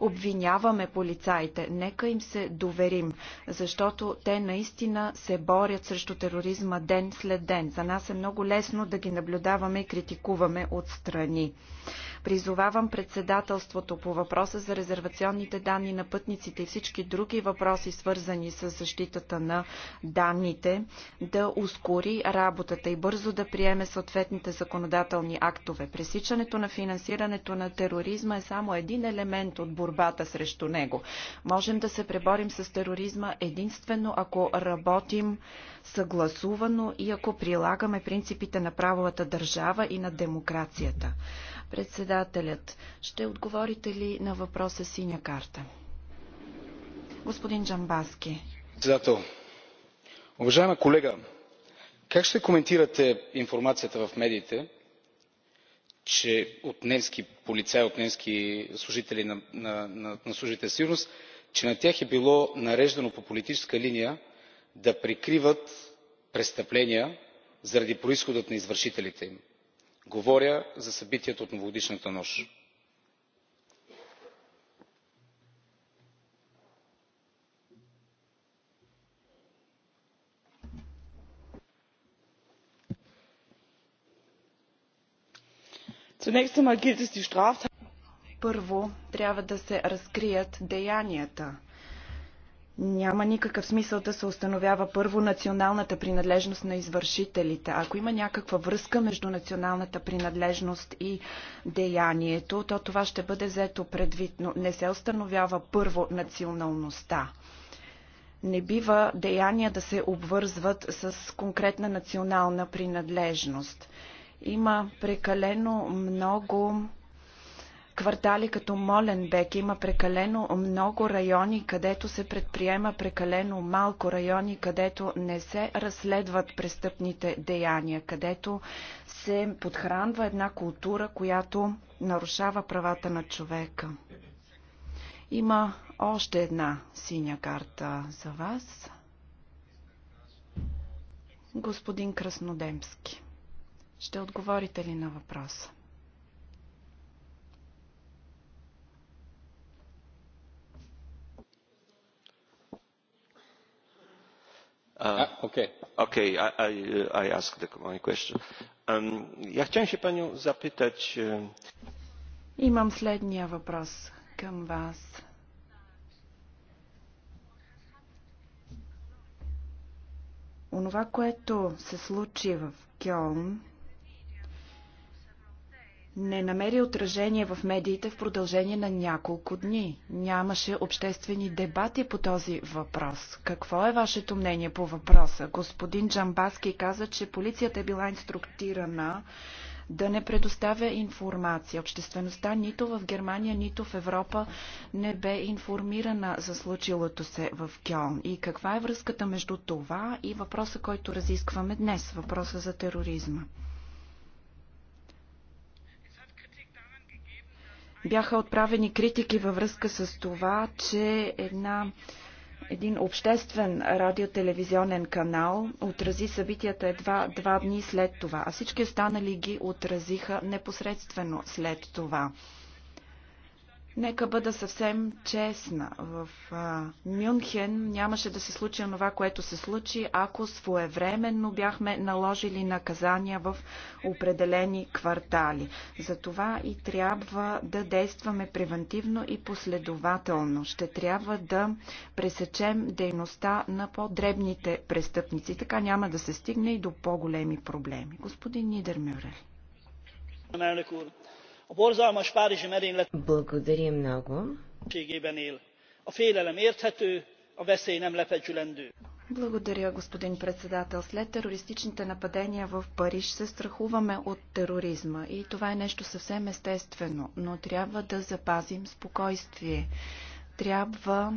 обвиняваме полицаите, нека им се доверим, защото те наистина се борят срещу тероризма ден след ден. За нас е много лесно да ги наблюдаваме и критикуваме отстрани. Призовавам председателството по въпроса за резервационните данни на пътниците и всички други въпроси, свързани с защитата на данните, да ускори работата и бързо да приеме съответните законодателни актове. Пресичането на финансирането на тероризма е само един елемент от борбата срещу него. Можем да се преборим с тероризма единствено ако работим съгласувано и ако прилагаме принципите на правовата държава и на демокрацията. Председателят, ще отговорите ли на въпроса синя карта? Господин Джамбаски. Председател, уважаема колега, как ще коментирате информацията в медиите, че от немски полицаи, от немски служители на, на, на, на служите сигурност, че на тях е било нареждано по политическа линия да прикриват престъпления заради происходът на извършителите им говоря за събитията от новогодишната нощ. Първо трябва да се разкрият деянията няма никакъв смисъл да се установява първо националната принадлежност на извършителите. Ако има някаква връзка между националната принадлежност и деянието, то това ще бъде взето предвид, но не се установява първо националността. Не бива деяния да се обвързват с конкретна национална принадлежност. Има прекалено много квартали като Моленбек има прекалено много райони, където се предприема прекалено малко райони, където не се разследват престъпните деяния, където се подхранва една култура, която нарушава правата на човека. Има още една синя карта за вас. Господин Краснодемски, ще отговорите ли на въпроса? Uh, okay. Okay, I, I, I asked the, my question. Um, ja chciałem się panią zapytać... Имам следния въпрос към вас. Онова, което се случи в Кьолн, не намери отражение в медиите в продължение на няколко дни. Нямаше обществени дебати по този въпрос. Какво е вашето мнение по въпроса? Господин Джамбаски каза, че полицията е била инструктирана да не предоставя информация. Обществеността нито в Германия, нито в Европа не бе информирана за случилото се в Кьон. И каква е връзката между това и въпроса, който разискваме днес, въпроса за тероризма? Бяха отправени критики във връзка с това, че една един обществен радиотелевизионен канал отрази събитията едва два дни след това, а всички останали ги отразиха непосредствено след това. Нека бъда съвсем честна. В а, Мюнхен нямаше да се случи това, което се случи, ако своевременно бяхме наложили наказания в определени квартали. Затова и трябва да действаме превентивно и последователно. Ще трябва да пресечем дейността на по-дребните престъпници. Така няма да се стигне и до по-големи проблеми. Господин Нидермюрер a borzalmas párizsi merénylet ségében él. a félelem érthető a veszély nem lebecsülendő. Благодаря, господин председател. След терористичните нападения в Париж се страхуваме от тероризма и това е нещо съвсем естествено, но трябва да запазим спокойствие. Трябва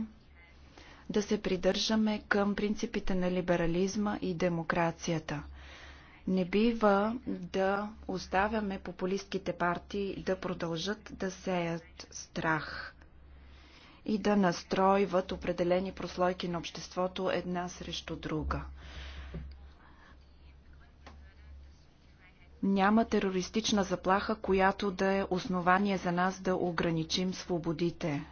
да се придържаме към принципите на либерализма и демокрацията – не бива да оставяме популистските партии да продължат да сеят страх и да настройват определени прослойки на обществото една срещу друга. Няма терористична заплаха, която да е основание за нас да ограничим свободите.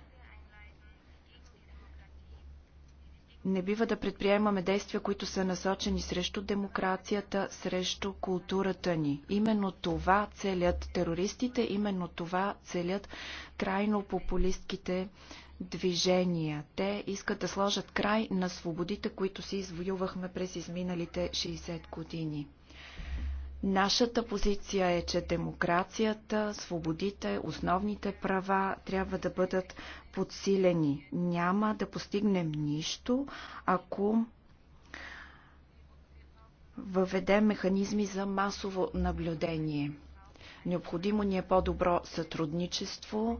Не бива да предприемаме действия, които са насочени срещу демокрацията, срещу културата ни. Именно това целят терористите, именно това целят крайно популистките движения. Те искат да сложат край на свободите, които си извоювахме през изминалите 60 години. Нашата позиция е, че демокрацията, свободите, основните права трябва да бъдат подсилени. Няма да постигнем нищо, ако въведем механизми за масово наблюдение. Необходимо ни е по-добро сътрудничество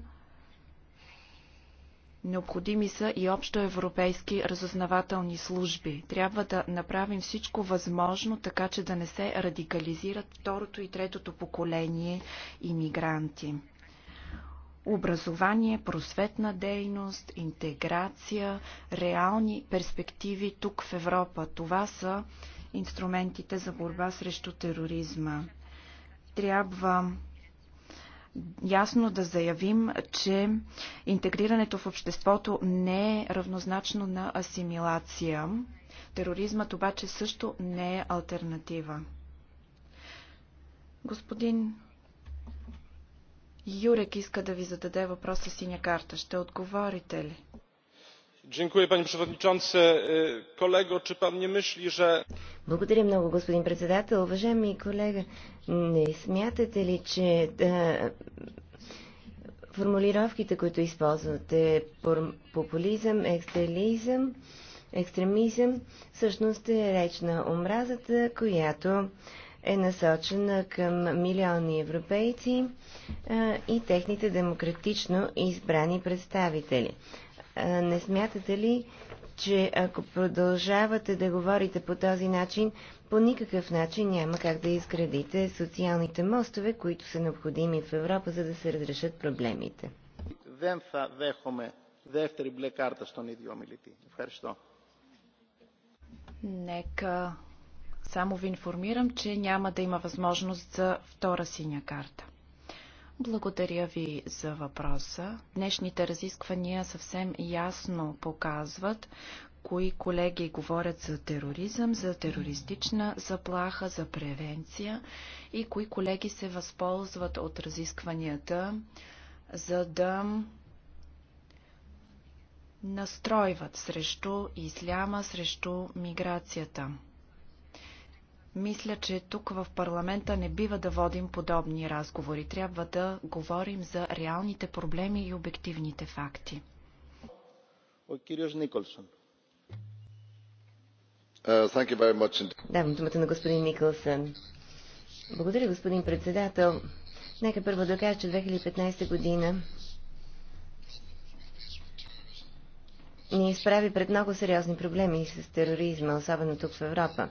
Необходими са и общоевропейски разузнавателни служби. Трябва да направим всичко възможно, така че да не се радикализират второто и третото поколение иммигранти. Образование, просветна дейност, интеграция, реални перспективи тук в Европа. Това са инструментите за борба срещу тероризма. Трябва ясно да заявим, че интегрирането в обществото не е равнозначно на асимилация. Тероризмът обаче също не е альтернатива. Господин Юрек иска да ви зададе въпроса синя карта. Ще отговорите ли? благодаря много господин председател. уважаеми колега не смятате ли че е, формулировките които използвате популизъм екстремизъм екстремизъм всъщност е реч на омразата която е насочена към милиони европейци а, е, и техните демократично избрани представители. Не смятате ли, че ако продължавате да говорите по този начин, по никакъв начин няма как да изградите социалните мостове, които са необходими в Европа, за да се разрешат проблемите. Нека само ви информирам, че няма да има възможност за втора синя карта. Благодаря ви за въпроса. Днешните разисквания съвсем ясно показват кои колеги говорят за тероризъм, за терористична заплаха, за превенция и кои колеги се възползват от разискванията, за да настройват срещу исляма, срещу миграцията. Мисля, че тук в парламента не бива да водим подобни разговори. Трябва да говорим за реалните проблеми и обективните факти. Давам думата на господин Николсън. Благодаря, господин председател. Нека първо да кажа, че 2015 година ни изправи пред много сериозни проблеми с тероризма, особено тук в Европа.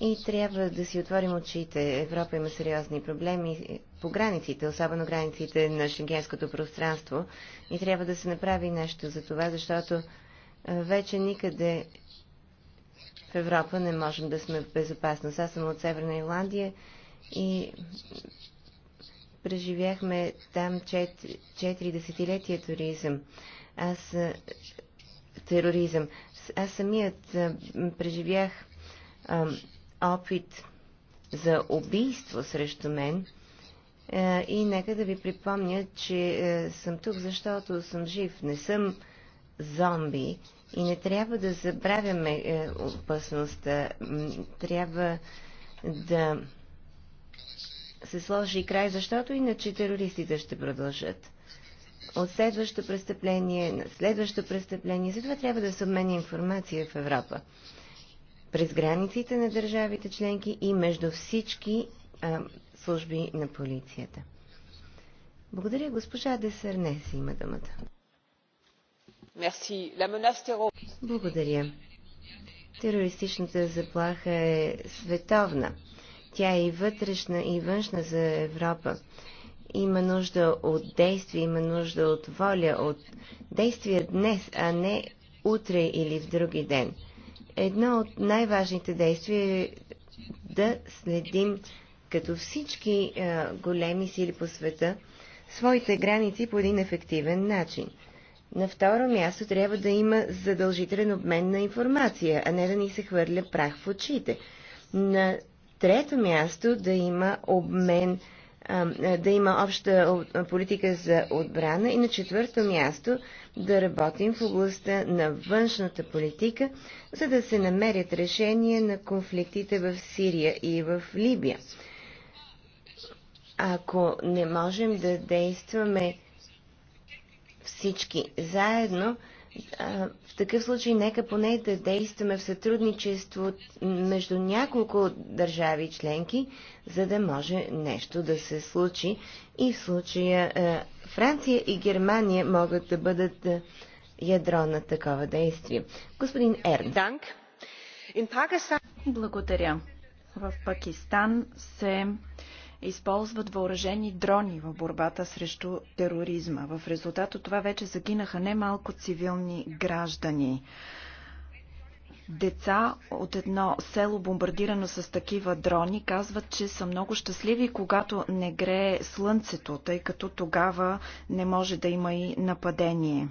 И трябва да си отворим очите. Европа има сериозни проблеми по границите, особено границите на шенгенското пространство. И трябва да се направи нещо за това, защото вече никъде в Европа не можем да сме в безопасност. Аз съм от Северна Ирландия и преживяхме там 4, четири десетилетия туризъм. Аз тероризъм. Аз самият преживях опит за убийство срещу мен. Е, и нека да ви припомня, че е, съм тук, защото съм жив. Не съм зомби и не трябва да забравяме е, опасността. Трябва да се сложи край, защото иначе терористите ще продължат. От следващо престъпление на следващо престъпление, затова трябва да се обменя информация в Европа през границите на държавите членки и между всички а, служби на полицията. Благодаря, госпожа си има думата. Благодаря. Терористичната заплаха е световна. Тя е и вътрешна, и външна за Европа. Има нужда от действие, има нужда от воля, от действия днес, а не утре или в други ден едно от най-важните действия е да следим като всички а, големи сили по света своите граници по един ефективен начин. На второ място трябва да има задължителен обмен на информация, а не да ни се хвърля прах в очите. На трето място да има обмен е, да има обща политика за отбрана и на четвърто място да работим в областта на външната политика, за да се намерят решения на конфликтите в Сирия и в Либия. Ако не можем да действаме всички заедно, в такъв случай нека поне да действаме в сътрудничество между няколко държави членки, за да може нещо да се случи. И в случая Франция и Германия могат да бъдат ядро на такова действие. Господин Ерн. Благодаря. В Пакистан се използват въоръжени дрони в борбата срещу тероризма. В резултат от това вече загинаха немалко цивилни граждани. Деца от едно село, бомбардирано с такива дрони, казват, че са много щастливи, когато не грее слънцето, тъй като тогава не може да има и нападение.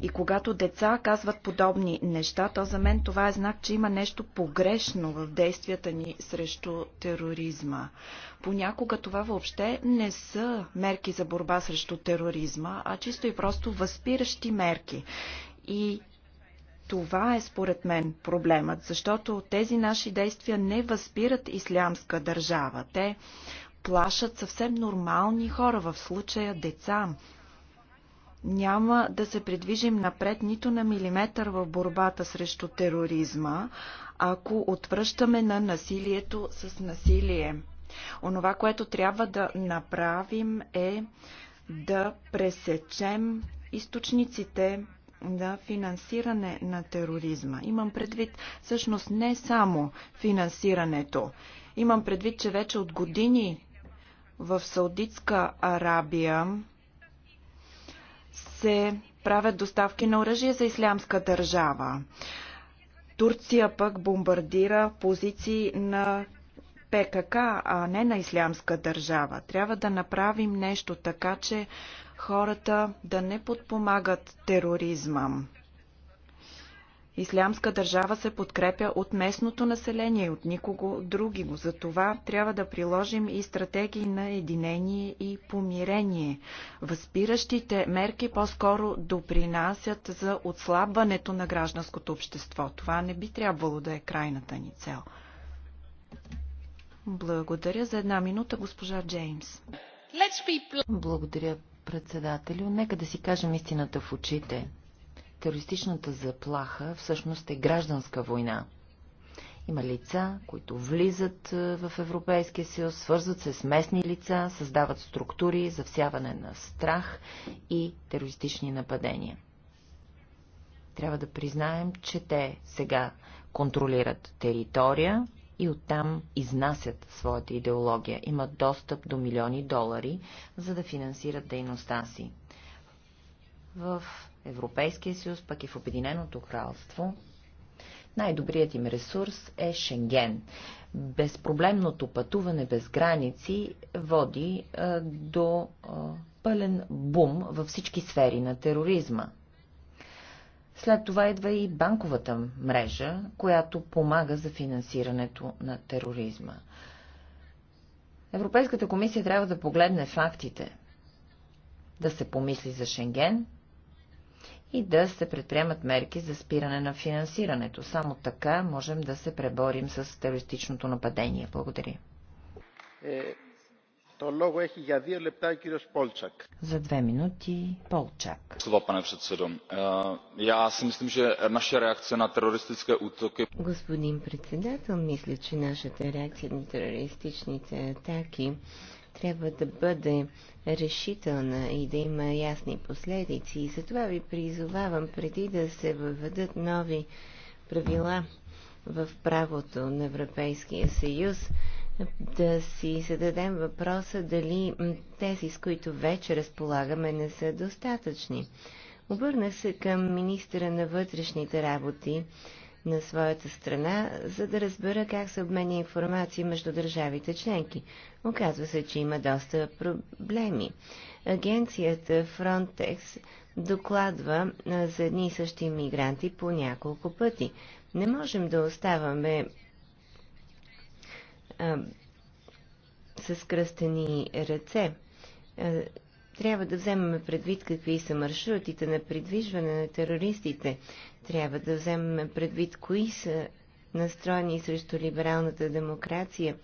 И когато деца казват подобни неща, то за мен това е знак, че има нещо погрешно в действията ни срещу тероризма. Понякога това въобще не са мерки за борба срещу тероризма, а чисто и просто възпиращи мерки. И това е според мен проблемът, защото тези наши действия не възпират ислямска държава. Те плашат съвсем нормални хора, в случая деца, няма да се придвижим напред нито на милиметър в борбата срещу тероризма, ако отвръщаме на насилието с насилие. Онова, което трябва да направим е да пресечем източниците на финансиране на тероризма. Имам предвид всъщност не само финансирането. Имам предвид, че вече от години в Саудитска Арабия се правят доставки на оръжие за ислямска държава. Турция пък бомбардира позиции на ПКК, а не на ислямска държава. Трябва да направим нещо така, че хората да не подпомагат тероризма. Ислямска държава се подкрепя от местното население и от никого За това трябва да приложим и стратегии на единение и помирение. Възпиращите мерки по-скоро допринасят за отслабването на гражданското общество. Това не би трябвало да е крайната ни цел. Благодаря за една минута, госпожа Джеймс. Благодаря, председателю. Нека да си кажем истината в очите терористичната заплаха всъщност е гражданска война. Има лица, които влизат е, в Европейския съюз, свързват се с местни лица, създават структури за всяване на страх и терористични нападения. Трябва да признаем, че те сега контролират територия и оттам изнасят своята идеология. Имат достъп до милиони долари, за да финансират дейността си. В Европейския съюз, пък и в Обединеното кралство, най-добрият им ресурс е Шенген. Безпроблемното пътуване без граници води а, до а, пълен бум във всички сфери на тероризма. След това идва и банковата мрежа, която помага за финансирането на тероризма. Европейската комисия трябва да погледне фактите, да се помисли за Шенген и да се предприемат мерки за спиране на финансирането. Само така можем да се преборим с терористичното нападение. Благодаря. Е, за две минути Полчак. пане е, Я си мислим, че наша реакция на утоки... Господин председател, мисля, че нашата реакция на терористичните атаки трябва да бъде решителна и да има ясни последици. И затова ви призовавам, преди да се въведат нови правила в правото на Европейския съюз, да си зададем въпроса дали тези, с които вече разполагаме, не са достатъчни. Обърнах се към министра на вътрешните работи на своята страна, за да разбера как се обменя информация между държавите членки. Оказва се, че има доста проблеми. Агенцията Frontex докладва за едни и същи мигранти по няколко пъти. Не можем да оставаме а, с кръстени ръце. Трябва да вземаме предвид какви са маршрутите на придвижване на терористите. Трябва да вземаме предвид кои са настроени срещу либералната демокрация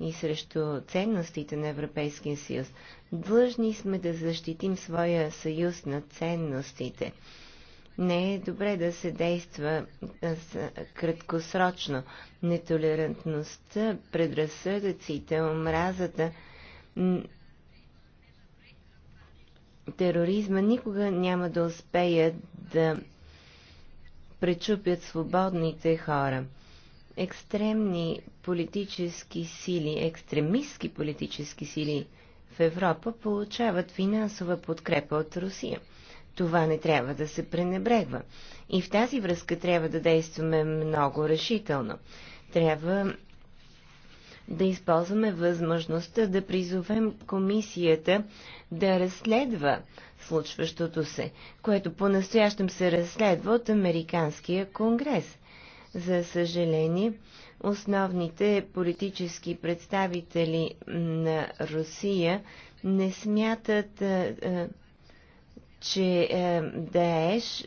и срещу ценностите на Европейския съюз. Длъжни сме да защитим своя съюз на ценностите. Не е добре да се действа краткосрочно. Нетолерантността, предразсъдъците, омразата тероризма никога няма да успеят да пречупят свободните хора. Екстремни политически сили, екстремистски политически сили в Европа получават финансова подкрепа от Русия. Това не трябва да се пренебрегва. И в тази връзка трябва да действаме много решително. Трябва да използваме възможността да призовем комисията да разследва случващото се, което по-настоящем се разследва от Американския конгрес. За съжаление, основните политически представители на Русия не смятат, че Даеш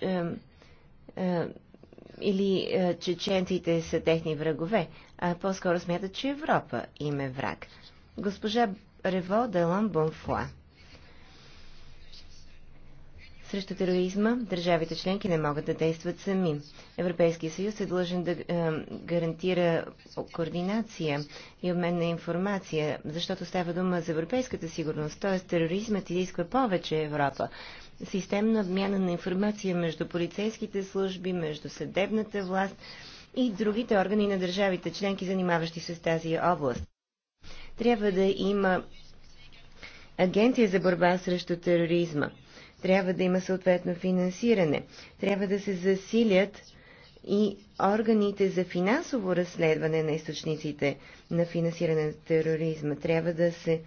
или е, чеченците са техни врагове, а по-скоро смятат, че Европа им е враг. Госпожа Рево Делан Бонфуа. Срещу тероризма държавите членки не могат да действат сами. Европейския съюз е длъжен да е, гарантира координация и обмен на информация, защото става дума за европейската сигурност, т.е. тероризмът изисква повече Европа системна обмяна на информация между полицейските служби, между съдебната власт и другите органи на държавите членки, занимаващи се с тази област. Трябва да има агенция за борба срещу тероризма. Трябва да има съответно финансиране. Трябва да се засилят и органите за финансово разследване на източниците на финансиране на тероризма. Трябва да се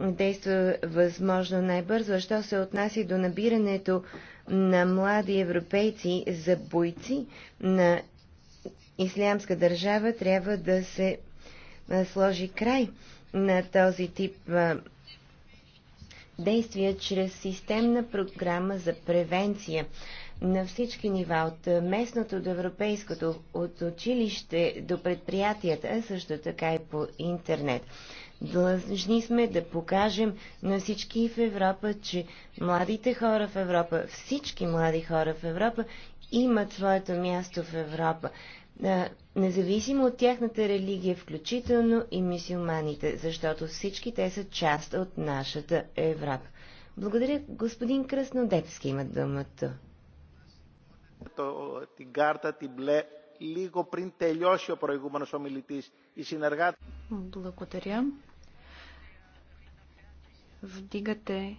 действа възможно най-бързо. Що се отнася до набирането на млади европейци за бойци на Ислямска държава, трябва да се сложи край на този тип действия чрез системна програма за превенция на всички нива, от местното до европейското, от училище до предприятията, също така и по интернет. Длъжни сме да покажем на всички в Европа, че младите хора в Европа, всички млади хора в Европа имат своето място в Европа. Независимо от тяхната религия, включително и мисиоманите, защото всички те са част от нашата Европа. Благодаря. Господин Краснодепски има думата. Тигарта, κάρτα την λίγο πριν τελειώσει ο προηγούμενος ομιλητής. Благодаря. Вдигате...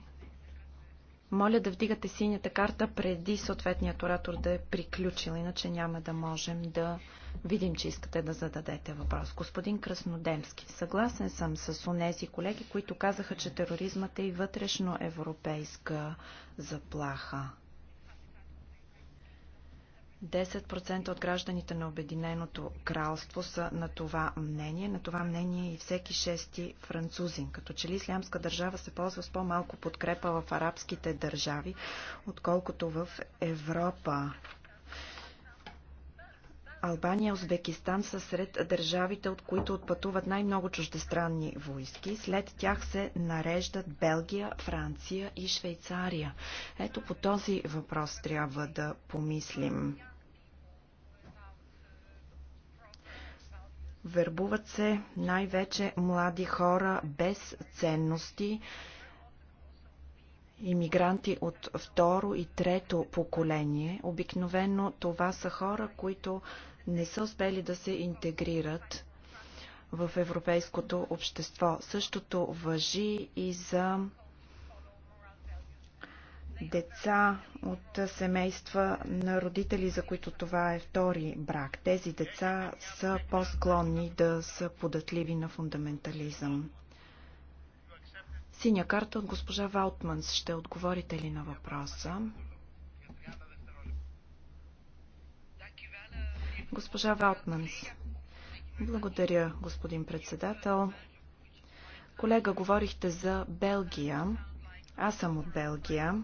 Моля да вдигате синята карта преди съответният оратор да е приключил, иначе няма да можем да видим, че искате да зададете въпрос. Господин Краснодемски, съгласен съм с онези колеги, които казаха, че тероризмът е и вътрешно европейска заплаха. 10% от гражданите на Обединеното кралство са на това мнение. На това мнение и всеки шести французин. Като че ли Ислямска държава се ползва с по-малко подкрепа в арабските държави, отколкото в Европа. Албания и Узбекистан са сред държавите, от които отпътуват най-много чуждестранни войски. След тях се нареждат Белгия, Франция и Швейцария. Ето по този въпрос трябва да помислим. Вербуват се най-вече млади хора без ценности, иммигранти от второ и трето поколение. Обикновено това са хора, които не са успели да се интегрират в европейското общество. Същото въжи и за деца от семейства на родители, за които това е втори брак. Тези деца са по-склонни да са податливи на фундаментализъм. Синя карта от госпожа Валтманс. Ще отговорите ли на въпроса? Госпожа Валтманс. Благодаря, господин председател. Колега, говорихте за Белгия. Аз съм от Белгия.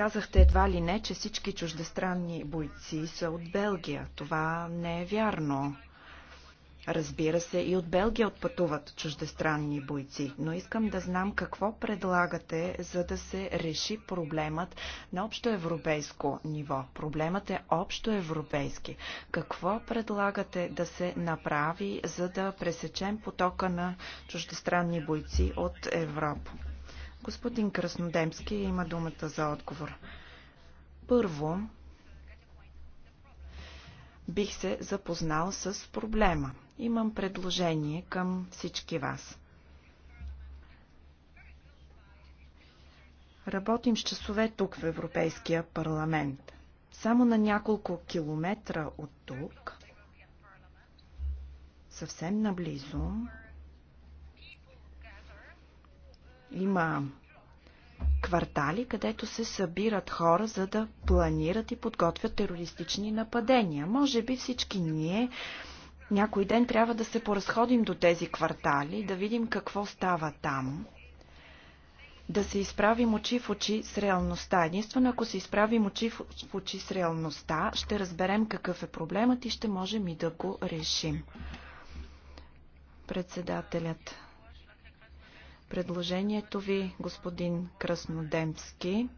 Казахте едва ли не, че всички чуждестранни бойци са от Белгия. Това не е вярно. Разбира се, и от Белгия отпътуват чуждестранни бойци, но искам да знам какво предлагате, за да се реши проблемът на общоевропейско ниво. Проблемът е общоевропейски. Какво предлагате да се направи, за да пресечем потока на чуждестранни бойци от Европа? Господин Краснодемски има думата за отговор. Първо, бих се запознал с проблема. Имам предложение към всички вас. Работим с часове тук в Европейския парламент. Само на няколко километра от тук, съвсем наблизо, Има квартали, където се събират хора, за да планират и подготвят терористични нападения. Може би всички ние някой ден трябва да се поразходим до тези квартали, да видим какво става там, да се изправим очи в очи с реалността. Единствено, ако се изправим очи в очи с реалността, ще разберем какъв е проблемът и ще можем и да го решим. Председателят Предложението ви, господин Краснодемски,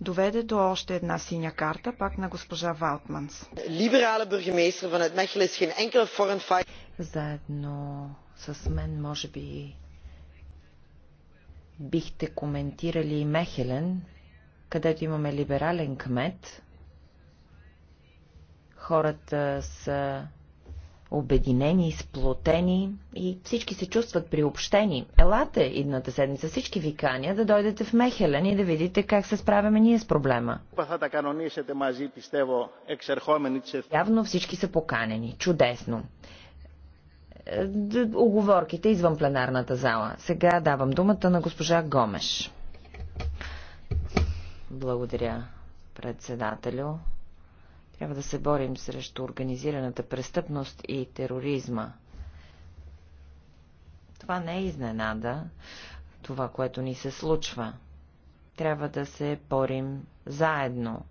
доведе до още една синя карта, пак на госпожа Валтманс. Либерале бургемейстър vanuit Mechelen is geen enkele foreign fight. Заедно с мен, може би, бихте коментирали и Мехелен, където имаме либерален кмет. Хората са обединени, сплотени и всички се чувстват приобщени. Елате идната седмица, всички ви каня да дойдете в Мехелен и да видите как се справяме ние с проблема. Явно всички са поканени. Чудесно. Оговорките е, извън пленарната зала. Сега давам думата на госпожа Гомеш. Благодаря, председателю. Трябва да се борим срещу организираната престъпност и тероризма. Това не е изненада, това, което ни се случва. Трябва да се борим заедно.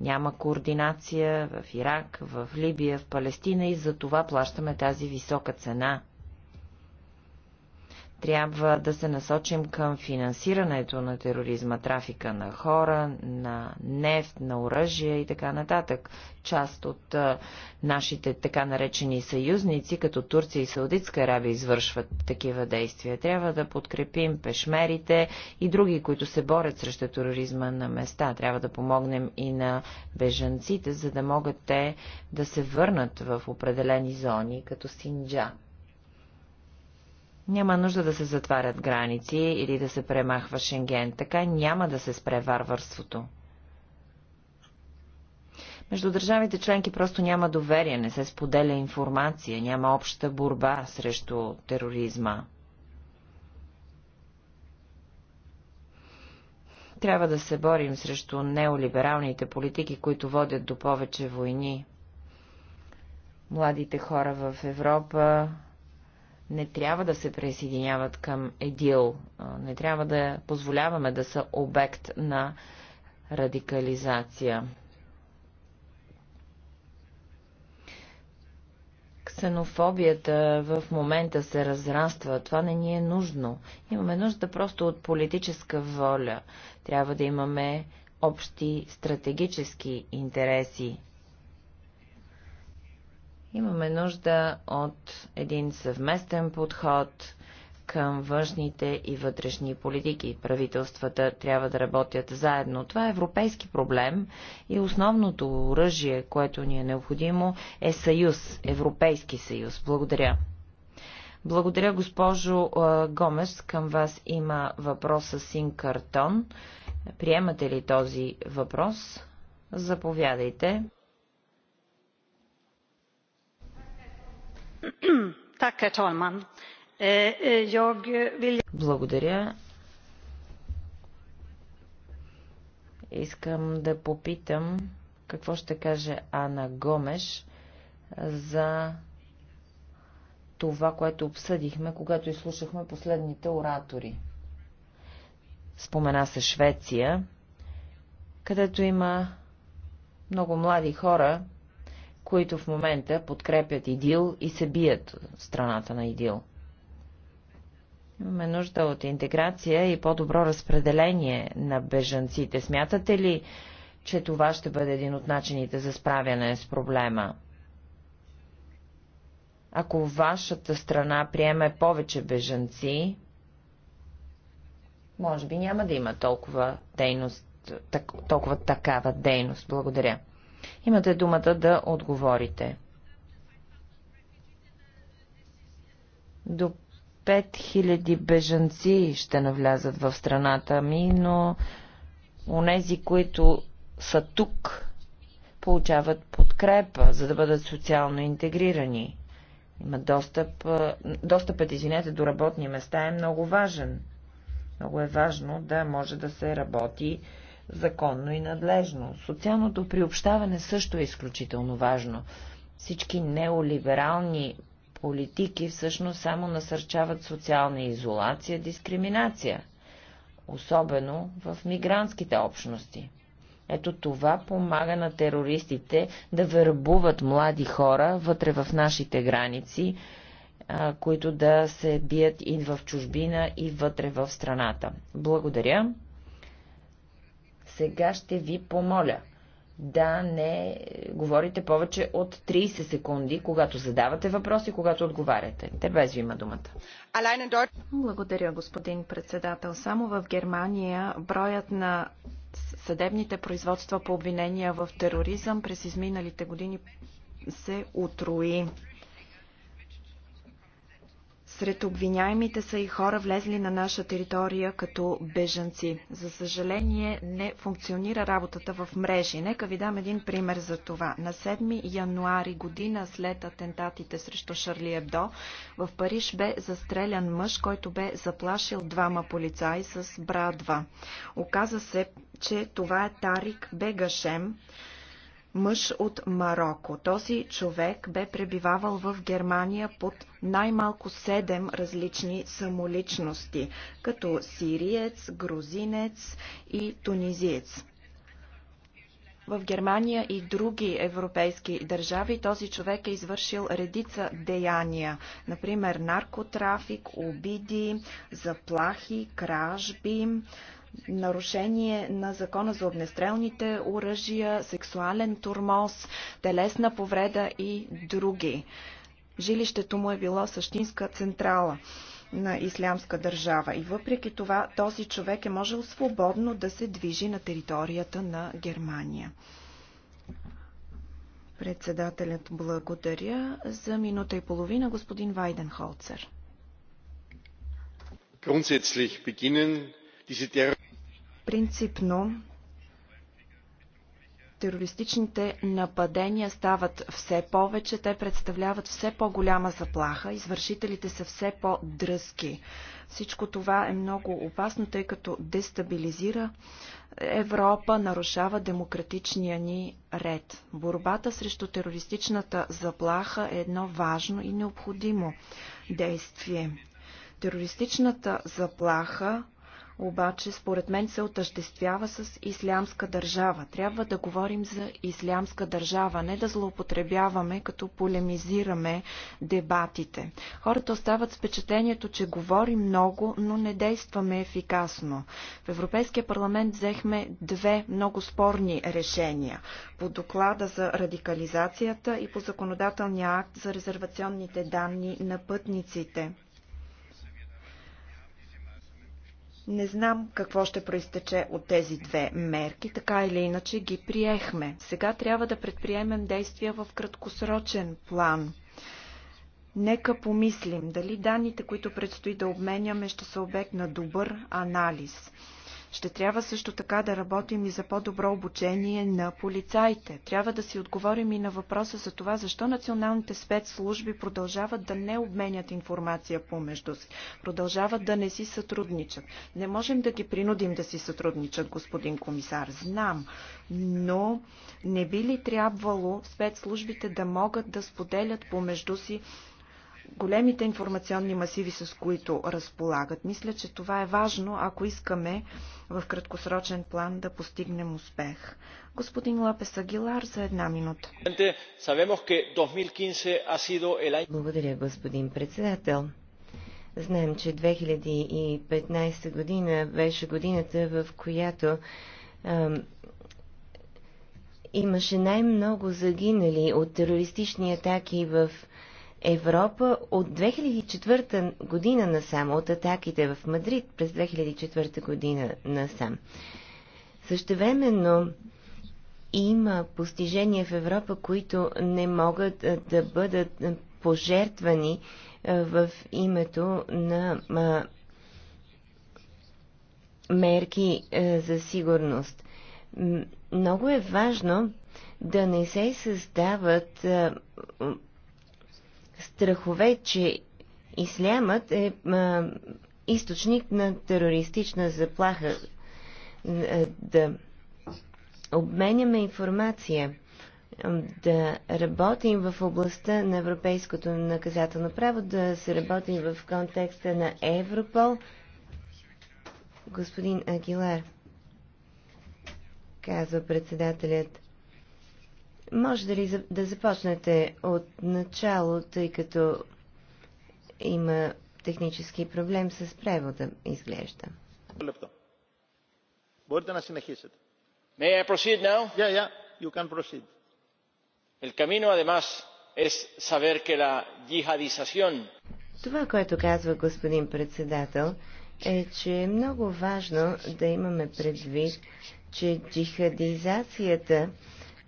Няма координация в Ирак, в Либия, в Палестина и за това плащаме тази висока цена. Трябва да се насочим към финансирането на тероризма, трафика на хора, на нефт, на оръжие и така нататък. Част от нашите така наречени съюзници, като Турция и Саудитска Арабия, извършват такива действия. Трябва да подкрепим пешмерите и други, които се борят срещу тероризма на места. Трябва да помогнем и на бежанците, за да могат те да се върнат в определени зони, като Синджа. Няма нужда да се затварят граници или да се премахва Шенген. Така няма да се спре варварството. Между държавите членки просто няма доверие, не се споделя информация, няма обща борба срещу тероризма. Трябва да се борим срещу неолибералните политики, които водят до повече войни. Младите хора в Европа не трябва да се присъединяват към ЕДИЛ, не трябва да позволяваме да са обект на радикализация. Ксенофобията в момента се разраства. Това не ни е нужно. Имаме нужда просто от политическа воля. Трябва да имаме общи стратегически интереси Имаме нужда от един съвместен подход към външните и вътрешни политики. Правителствата трябва да работят заедно. Това е европейски проблем и основното оръжие, което ни е необходимо, е съюз, Европейски съюз. Благодаря. Благодаря, госпожо Гомес. Към вас има въпроса син картон. Приемате ли този въпрос? Заповядайте. Eh, eh, Благодаря. Искам да попитам какво ще каже Ана Гомеш за това, което обсъдихме, когато изслушахме последните оратори. Спомена се Швеция, където има много млади хора, които в момента подкрепят ИДИЛ и се бият страната на ИДИЛ. Имаме нужда от интеграция и по-добро разпределение на бежанците. Смятате ли, че това ще бъде един от начините за справяне с проблема? Ако вашата страна приеме повече бежанци, може би няма да има толкова дейност, толкова такава дейност. Благодаря. Имате думата да отговорите. До 5000 бежанци ще навлязат в страната ми, но онези, които са тук, получават подкрепа, за да бъдат социално интегрирани. Има достъп, достъпът, извинете, до работни места е много важен. Много е важно да може да се работи законно и надлежно. Социалното приобщаване също е изключително важно. Всички неолиберални политики всъщност само насърчават социална изолация, дискриминация, особено в мигрантските общности. Ето това помага на терористите да вербуват млади хора вътре в нашите граници, които да се бият и в чужбина, и вътре в страната. Благодаря. Сега ще ви помоля да не говорите повече от 30 секунди, когато задавате въпроси, когато отговаряте. Тербез ви има думата. Благодаря, господин председател. Само в Германия броят на съдебните производства по обвинения в тероризъм през изминалите години се утрои. Сред обвиняемите са и хора влезли на наша територия като бежанци. За съжаление не функционира работата в мрежи. Нека ви дам един пример за това. На 7 януари година след атентатите срещу Шарли Ебдо в Париж бе застрелян мъж, който бе заплашил двама полицаи с брадва. Оказа се, че това е Тарик Бегашем, мъж от Марокко. Този човек бе пребивавал в Германия под най-малко седем различни самоличности, като сириец, грузинец и тунизиец. В Германия и други европейски държави този човек е извършил редица деяния, например наркотрафик, обиди, заплахи, кражби, нарушение на закона за огнестрелните оръжия, сексуален турмоз, телесна повреда и други. Жилището му е било същинска централа на ислямска държава. И въпреки това този човек е можел свободно да се движи на територията на Германия. Председателят благодаря за минута и половина господин Вайденхолцер. Grundsätzlich beginnen diese Принципно терористичните нападения стават все повече, те представляват все по-голяма заплаха, извършителите са все по-дръзки. Всичко това е много опасно, тъй като дестабилизира Европа, нарушава демократичния ни ред. Борбата срещу терористичната заплаха е едно важно и необходимо действие. Терористичната заплаха обаче според мен се отъждествява с ислямска държава. Трябва да говорим за ислямска държава, не да злоупотребяваме, като полемизираме дебатите. Хората остават с впечатлението, че говорим много, но не действаме ефикасно. В Европейския парламент взехме две много спорни решения. По доклада за радикализацията и по законодателния акт за резервационните данни на пътниците. Не знам какво ще проистече от тези две мерки, така или иначе ги приехме. Сега трябва да предприемем действия в краткосрочен план. Нека помислим дали данните, които предстои да обменяме, ще са обект на добър анализ. Ще трябва също така да работим и за по-добро обучение на полицаите. Трябва да си отговорим и на въпроса за това, защо националните спецслужби продължават да не обменят информация помежду си, продължават да не си сътрудничат. Не можем да ги принудим да си сътрудничат, господин комисар, знам, но не би ли трябвало спецслужбите да могат да споделят помежду си големите информационни масиви, с които разполагат. Мисля, че това е важно, ако искаме в краткосрочен план да постигнем успех. Господин Лапес Агилар за една минута. Благодаря, господин председател. Знаем, че 2015 година беше годината, в която ам, имаше най-много загинали от терористични атаки в Европа от 2004 година насам, от атаките в Мадрид през 2004 година насам. Същевременно има постижения в Европа, които не могат да бъдат пожертвани в името на мерки за сигурност. Много е важно да не се създават страхове, че ислямът е а, източник на терористична заплаха. А, да обменяме информация, да работим в областта на европейското наказателно право, да се работим в контекста на Европол. Господин Агилар, казва председателят, може да ли да започнете от начало, тъй като има технически проблем с превода, изглежда. Μπορείτε να συνεχίσετε. May I proceed now? Yeah, yeah, you can proceed. El camino, además, es saber que la yihadización... Това, което казва господин председател, е, че е много важно да имаме предвид, че джихадизацията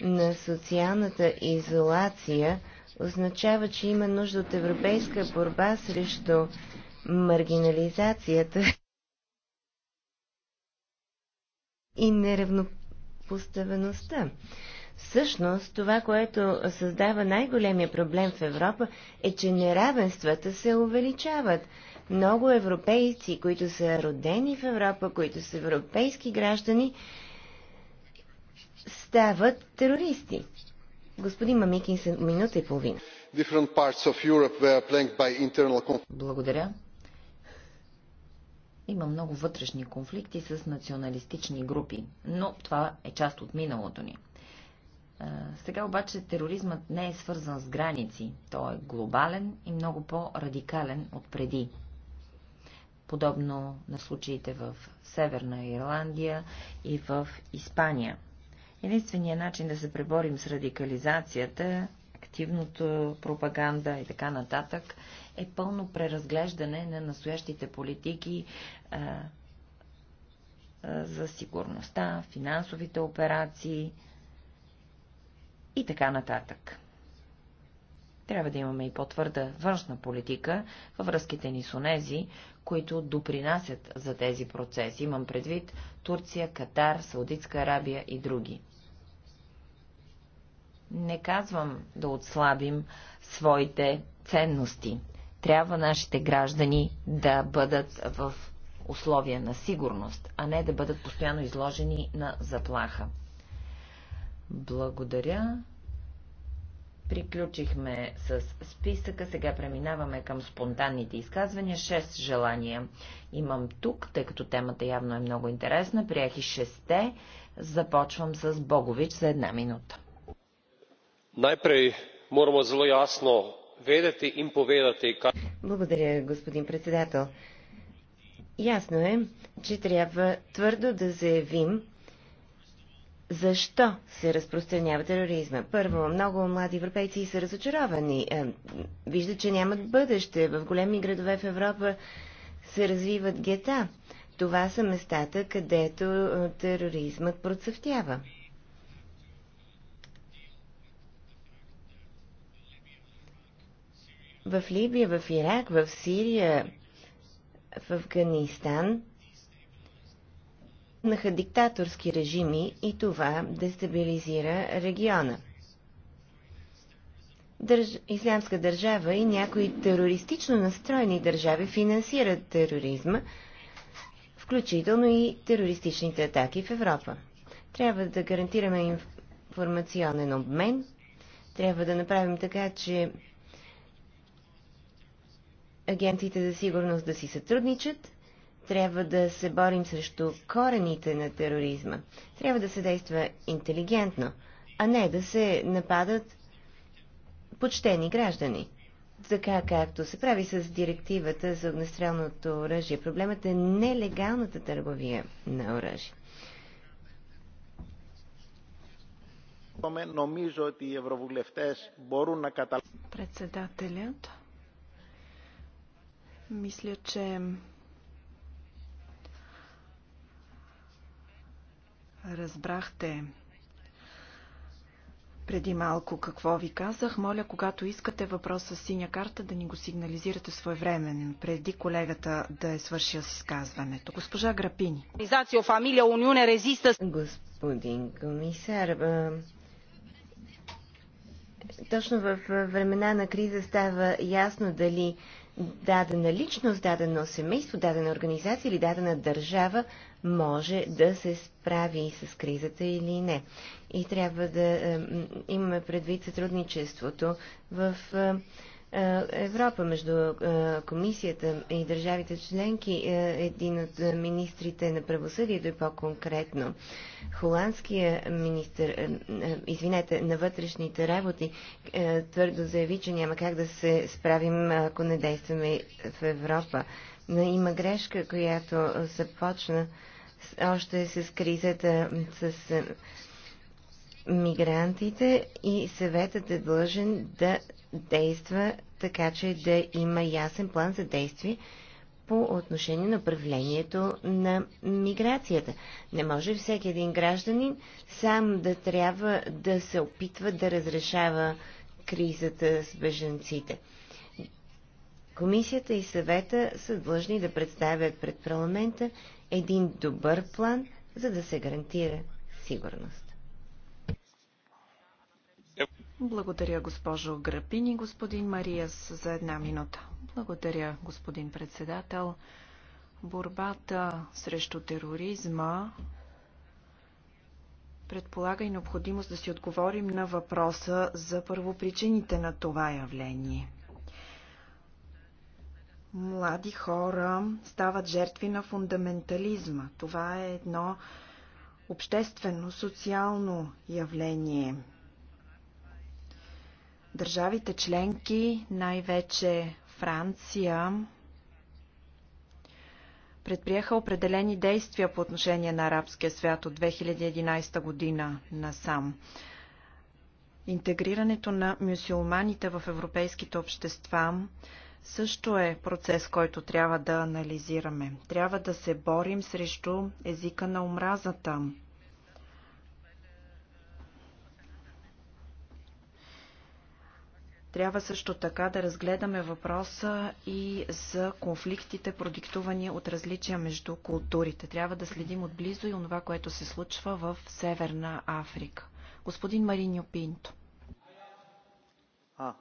на социалната изолация означава, че има нужда от европейска борба срещу маргинализацията и неравнопоставеността. Всъщност, това, което създава най-големия проблем в Европа, е, че неравенствата се увеличават. Много европейци, които са родени в Европа, които са европейски граждани, стават терористи. Господин Мамикин, минута и половина. Internal... Благодаря. Има много вътрешни конфликти с националистични групи, но това е част от миналото ни. Сега обаче тероризмът не е свързан с граници. Той е глобален и много по-радикален от преди. Подобно на случаите в Северна Ирландия и в Испания – Единственият начин да се преборим с радикализацията, активното пропаганда и така нататък, е пълно преразглеждане на настоящите политики а, а, за сигурността, финансовите операции и така нататък. Трябва да имаме и по-твърда външна политика във връзките ни с онези, които допринасят за тези процеси. Имам предвид Турция, Катар, Саудитска Арабия и други. Не казвам да отслабим своите ценности. Трябва нашите граждани да бъдат в условия на сигурност, а не да бъдат постоянно изложени на заплаха. Благодаря. Приключихме с списъка. Сега преминаваме към спонтанните изказвания. Шест желания имам тук, тъй като темата явно е много интересна. Приех и шесте. Започвам с Богович за една минута najprej moramo zelo jasno vedeti in povedati kaj. Благодаря, господин председател. Ясно е, че трябва твърдо да заявим защо се разпространява тероризма. Първо, много млади европейци са разочаровани. Е, виждат, че нямат бъдеще. В големи градове в Европа се развиват гета. Това са местата, където е, тероризмът процъфтява. в Либия, в Ирак, в Сирия, в Афганистан наха диктаторски режими и това дестабилизира региона. Държ... Ислямска държава и някои терористично настроени държави финансират тероризма, включително и терористичните атаки в Европа. Трябва да гарантираме информационен обмен, трябва да направим така, че агенциите за сигурност да си сътрудничат, трябва да се борим срещу корените на тероризма. Трябва да се действа интелигентно, а не да се нападат почтени граждани. Така както се прави с директивата за огнестрелното оръжие. Проблемът е нелегалната търговия на оръжие. Председателят мисля, че разбрахте преди малко какво ви казах. Моля, когато искате въпроса с синя карта, да ни го сигнализирате своевременно, преди колегата да е свършил с изказването. Госпожа Грапини. фамилия Униуне резиста. Господин комисар, точно в времена на криза става ясно дали дадена личност, дадено семейство, дадена организация или дадена държава може да се справи с кризата или не. И трябва да имаме предвид сътрудничеството в е, Европа, между е, комисията и държавите членки, е, един от министрите на правосъдието и по-конкретно холандския министр, извинете, на вътрешните работи, твърдо заяви, че няма как да се справим, ако не действаме в Европа. Но има грешка, която започна още с кризата с мигрантите и съветът е длъжен да действа така, че да има ясен план за действие по отношение на управлението на миграцията. Не може всеки един гражданин сам да трябва да се опитва да разрешава кризата с беженците. Комисията и съвета са длъжни да представят пред парламента един добър план, за да се гарантира сигурност. Благодаря, госпожо Грапини, господин Мариас, за една минута. Благодаря, господин председател. Борбата срещу тероризма предполага и необходимост да си отговорим на въпроса за първопричините на това явление. Млади хора стават жертви на фундаментализма. Това е едно обществено, социално явление – Държавите членки, най-вече Франция, предприеха определени действия по отношение на арабския свят от 2011 година насам. Интегрирането на мюсюлманите в европейските общества също е процес, който трябва да анализираме. Трябва да се борим срещу езика на омразата. Трябва също така да разгледаме въпроса и за конфликтите, продиктувани от различия между културите. Трябва да следим отблизо и онова, което се случва в Северна Африка. Господин Мариньо Пинто. А,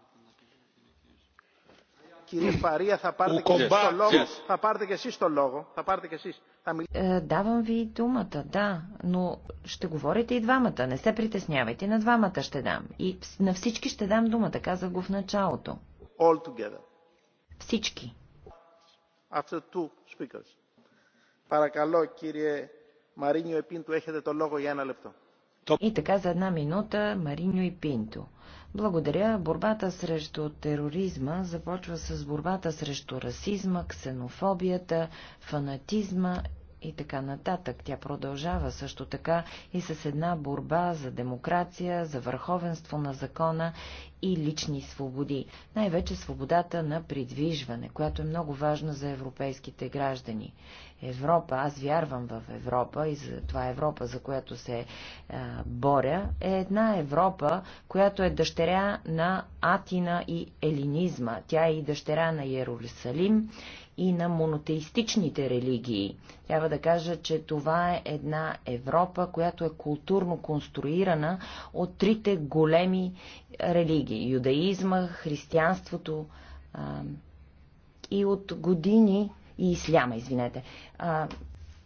давам ви думата, да, но ще говорите и двамата. Не се притеснявайте, на двамата ще дам. И на всички ще дам думата, казах го в началото. All together. Всички. After two speakers. Мариньо И така за една минута Мариньо и Пинто. Благодаря. Борбата срещу тероризма започва с борбата срещу расизма, ксенофобията, фанатизма и така нататък. Тя продължава също така и с една борба за демокрация, за върховенство на закона и лични свободи. Най-вече свободата на придвижване, която е много важна за европейските граждани. Европа, аз вярвам в Европа и за това е Европа, за която се е, боря, е една Европа, която е дъщеря на Атина и елинизма. Тя е и дъщеря на Иерусалим и на монотеистичните религии. Трябва да кажа, че това е една Европа, която е културно конструирана от трите големи религии – юдаизма, християнството а, и от години и исляма, извинете. А,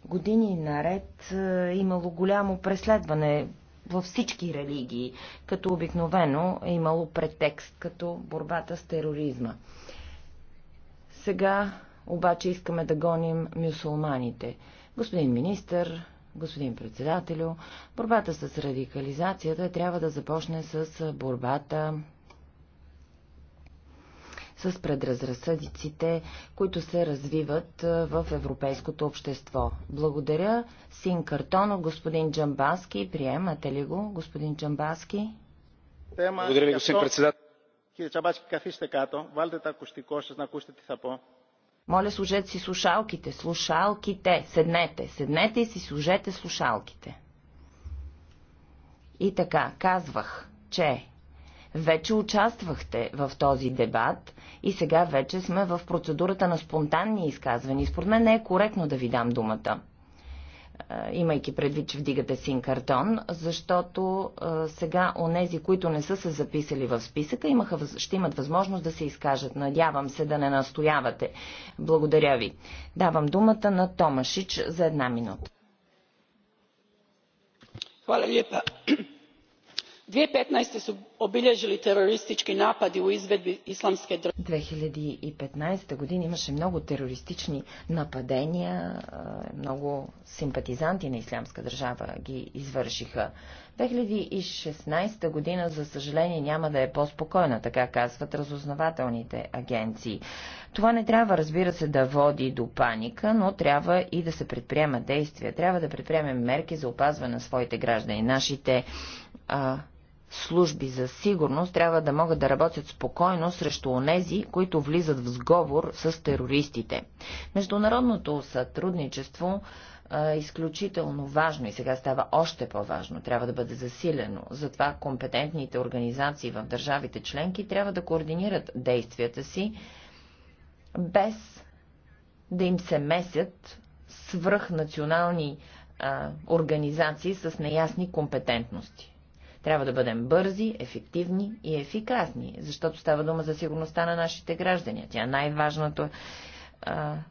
години наред е имало голямо преследване във всички религии, като обикновено е имало претекст, като борбата с тероризма. Сега обаче искаме да гоним мюсулманите. Господин министър, господин председателю, борбата с радикализацията трябва да започне с борбата с предразразсъдиците, които се развиват в европейското общество. Благодаря. Син Картонов, господин Джамбаски, приемате ли го, господин Джамбаски? Благодаря ви, е господин председател. Κύριε Τσαμπάσκη, καθίστε κάτω. Βάλτε τα ακουστικό σας να моля, служете си слушалките. Слушалките. Седнете. Седнете и си служете слушалките. И така, казвах, че вече участвахте в този дебат и сега вече сме в процедурата на спонтанни изказвания. Според мен не е коректно да ви дам думата имайки предвид, че вдигате син картон, защото сега онези, които не са се записали в списъка, имаха, ще имат възможност да се изкажат. Надявам се да не настоявате. Благодаря ви. Давам думата на Томашич за една минута. Хвала лепа. 2015. su obiljeili терористички напади, u izvedbi islamske drave. 2015 година имаше много терористични нападения, много симпатизанти на ислямска държава ги извършиха. 2016 година, за съжаление, няма да е по-спокойна, така казват разузнавателните агенции. Това не трябва, разбира се, да води до паника, но трябва и да се предприема действия. Трябва да предприемем мерки за опазване на своите граждани. Нашите служби за сигурност трябва да могат да работят спокойно срещу онези, които влизат в сговор с терористите. Международното сътрудничество е изключително важно и сега става още по-важно. Трябва да бъде засилено. Затова компетентните организации в държавите членки трябва да координират действията си без да им се месят свръхнационални организации с неясни компетентности. Трябва да бъдем бързи, ефективни и ефикасни, защото става дума за сигурността на нашите граждани. Тя е най-важното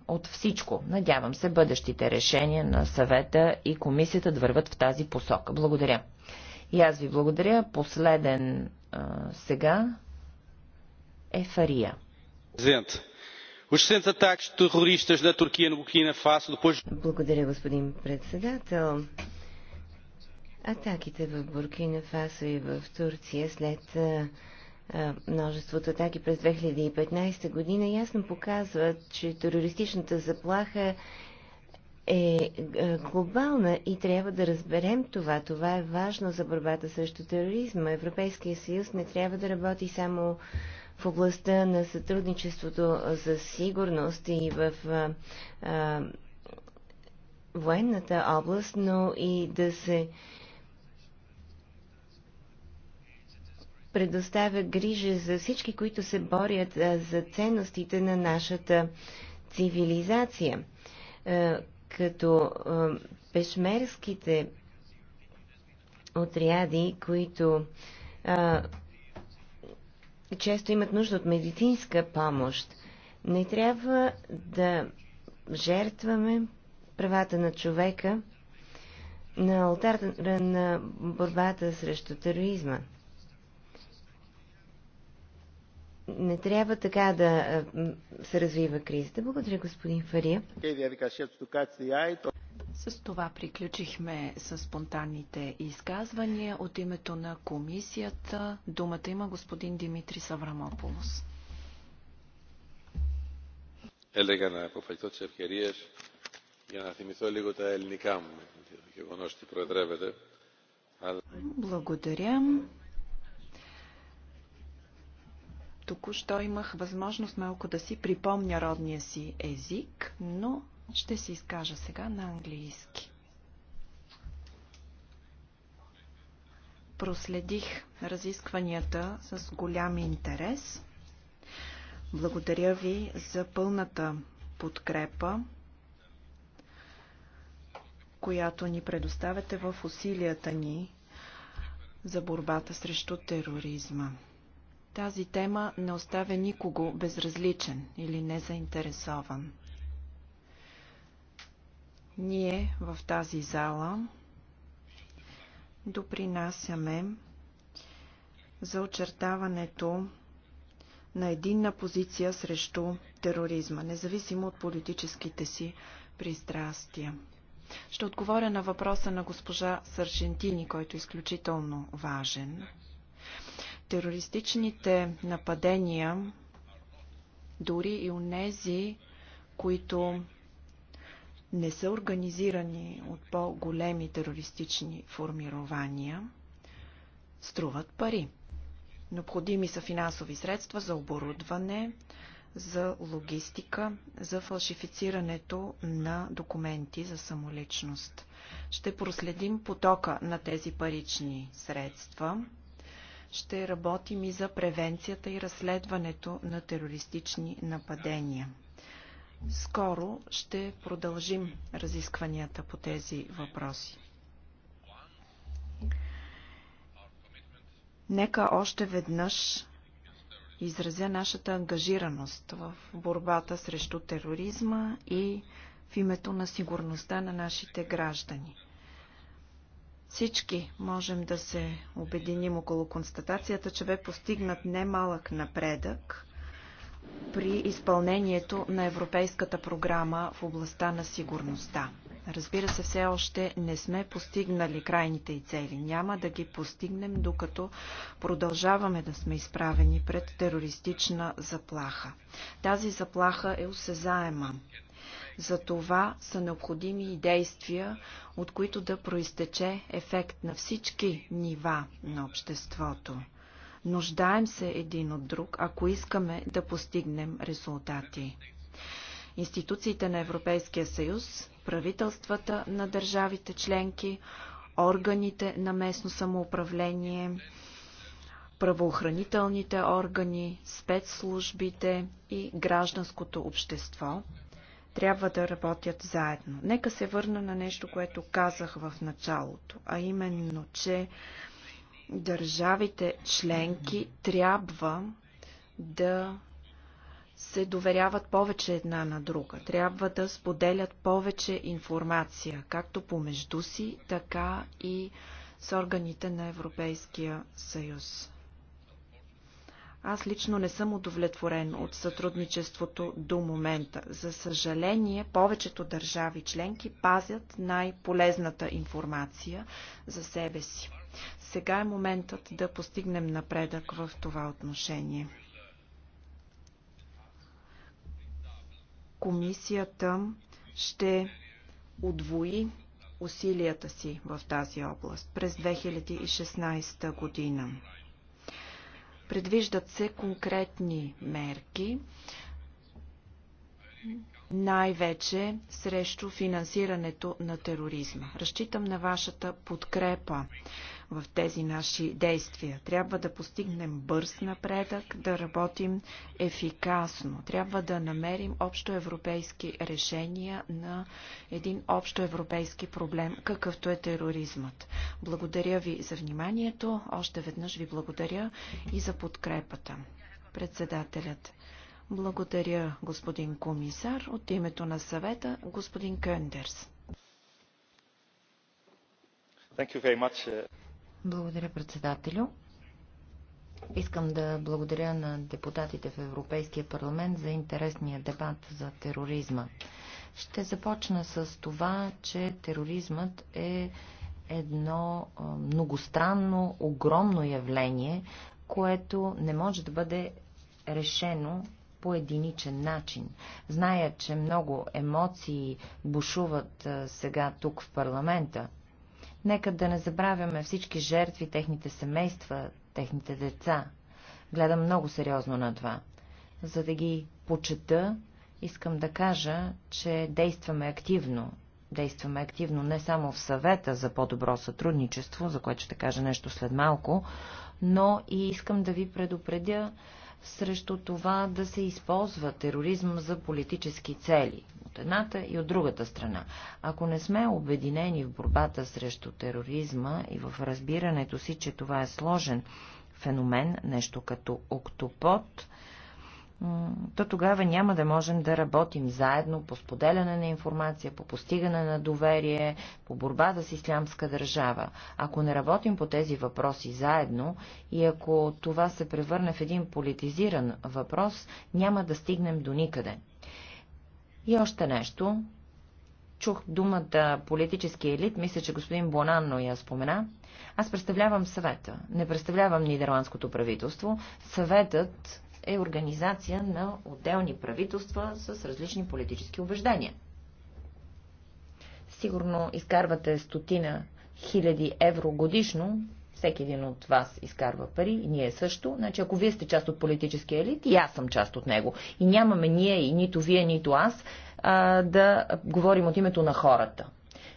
от всичко. Надявам се бъдещите решения на съвета и комисията да върват в тази посока. Благодаря. И аз ви благодаря. Последен а, сега е Фария. E благодаря, господин председател. Атаките в Буркина Фасо и в Турция след множеството атаки през 2015 година ясно показват, че терористичната заплаха е глобална и трябва да разберем това. Това е важно за борбата срещу тероризма. Европейския съюз не трябва да работи само в областта на сътрудничеството за сигурност и в а, а, военната област, но и да се предоставя грижа за всички, които се борят за ценностите на нашата цивилизация. Като пешмерските отряди, които често имат нужда от медицинска помощ, не трябва да жертваме правата на човека на алтарта на борбата срещу тероризма. не трябва така да се развива кризата. Благодаря, господин Фария. С това приключихме с спонтанните изказвания от името на комисията. Думата има господин Димитри Саврамополос. Елега на αποφασίσω τις ευκαιρίες για να θυμηθώ λίγο τα ελληνικά μου, γεγονός ότι προεδρεύεται. Благодаря. Току-що имах възможност малко да си припомня родния си език, но ще се изкажа сега на английски. Проследих разискванията с голям интерес. Благодаря ви за пълната подкрепа, която ни предоставяте в усилията ни за борбата срещу тероризма. Тази тема не оставя никого безразличен или незаинтересован. Ние в тази зала допринасяме за очертаването на единна позиция срещу тероризма, независимо от политическите си пристрастия. Ще отговоря на въпроса на госпожа Саржентини, който е изключително важен. Терористичните нападения, дори и у нези, които не са организирани от по-големи терористични формирования, струват пари. Необходими са финансови средства за оборудване, за логистика, за фалшифицирането на документи за самоличност. Ще проследим потока на тези парични средства ще работим и за превенцията и разследването на терористични нападения. Скоро ще продължим разискванията по тези въпроси. Нека още веднъж изразя нашата ангажираност в борбата срещу тероризма и в името на сигурността на нашите граждани. Всички можем да се обединим около констатацията, че бе постигнат немалък напредък при изпълнението на Европейската програма в областта на сигурността. Разбира се, все още не сме постигнали крайните и цели. Няма да ги постигнем, докато продължаваме да сме изправени пред терористична заплаха. Тази заплаха е осезаема. За това са необходими и действия, от които да проистече ефект на всички нива на обществото. Нуждаем се един от друг, ако искаме да постигнем резултати. Институциите на Европейския съюз, правителствата на държавите членки, органите на местно самоуправление, правоохранителните органи, спецслужбите и гражданското общество трябва да работят заедно. Нека се върна на нещо, което казах в началото, а именно, че държавите членки трябва да се доверяват повече една на друга. Трябва да споделят повече информация, както помежду си, така и с органите на Европейския съюз. Аз лично не съм удовлетворен от сътрудничеството до момента. За съжаление, повечето държави членки пазят най-полезната информация за себе си. Сега е моментът да постигнем напредък в това отношение. Комисията ще удвои усилията си в тази област през 2016 година. Предвиждат се конкретни мерки, най-вече срещу финансирането на тероризма. Разчитам на вашата подкрепа в тези наши действия. Трябва да постигнем бърз напредък, да работим ефикасно. Трябва да намерим общоевропейски решения на един общоевропейски проблем, какъвто е тероризмът. Благодаря ви за вниманието. Още веднъж ви благодаря и за подкрепата. Председателят. Благодаря, господин комисар. От името на съвета, господин Кендерс. Thank you very much. Uh, благодаря, председателю. Искам да благодаря на депутатите в Европейския парламент за интересния дебат за тероризма. Ще започна с това, че тероризмът е едно многостранно, огромно явление, което не може да бъде решено по единичен начин. Зная, че много емоции бушуват сега тук в парламента. Нека да не забравяме всички жертви, техните семейства, техните деца. Гледам много сериозно на това. За да ги почета, искам да кажа, че действаме активно. Действаме активно не само в съвета за по-добро сътрудничество, за което ще кажа нещо след малко, но и искам да ви предупредя, срещу това да се използва тероризъм за политически цели. От едната и от другата страна. Ако не сме обединени в борбата срещу тероризма и в разбирането си, че това е сложен феномен, нещо като октопод, то тогава няма да можем да работим заедно по споделяне на информация, по постигане на доверие, по борбата с ислямска държава. Ако не работим по тези въпроси заедно и ако това се превърне в един политизиран въпрос, няма да стигнем до никъде. И още нещо. Чух думата политически елит, мисля, че господин Бонанно я спомена. Аз представлявам съвета. Не представлявам нидерландското правителство. Съветът е организация на отделни правителства с различни политически убеждения. Сигурно изкарвате стотина хиляди евро годишно, всеки един от вас изкарва пари, и ние също. Значи, ако вие сте част от политическия елит, и аз съм част от него. И нямаме ние, и нито вие, нито аз, а, да говорим от името на хората.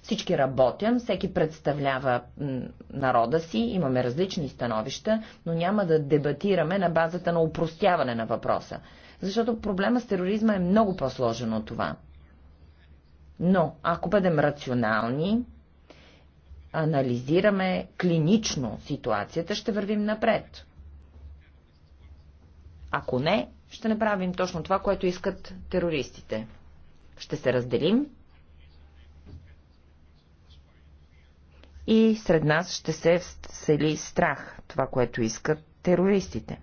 Всички работям, всеки представлява народа си, имаме различни становища, но няма да дебатираме на базата на упростяване на въпроса. Защото проблема с тероризма е много по-сложен от това. Но, ако бъдем рационални, анализираме клинично ситуацията, ще вървим напред. Ако не, ще направим точно това, което искат терористите. Ще се разделим и сред нас ще се всели страх, това, което искат терористите.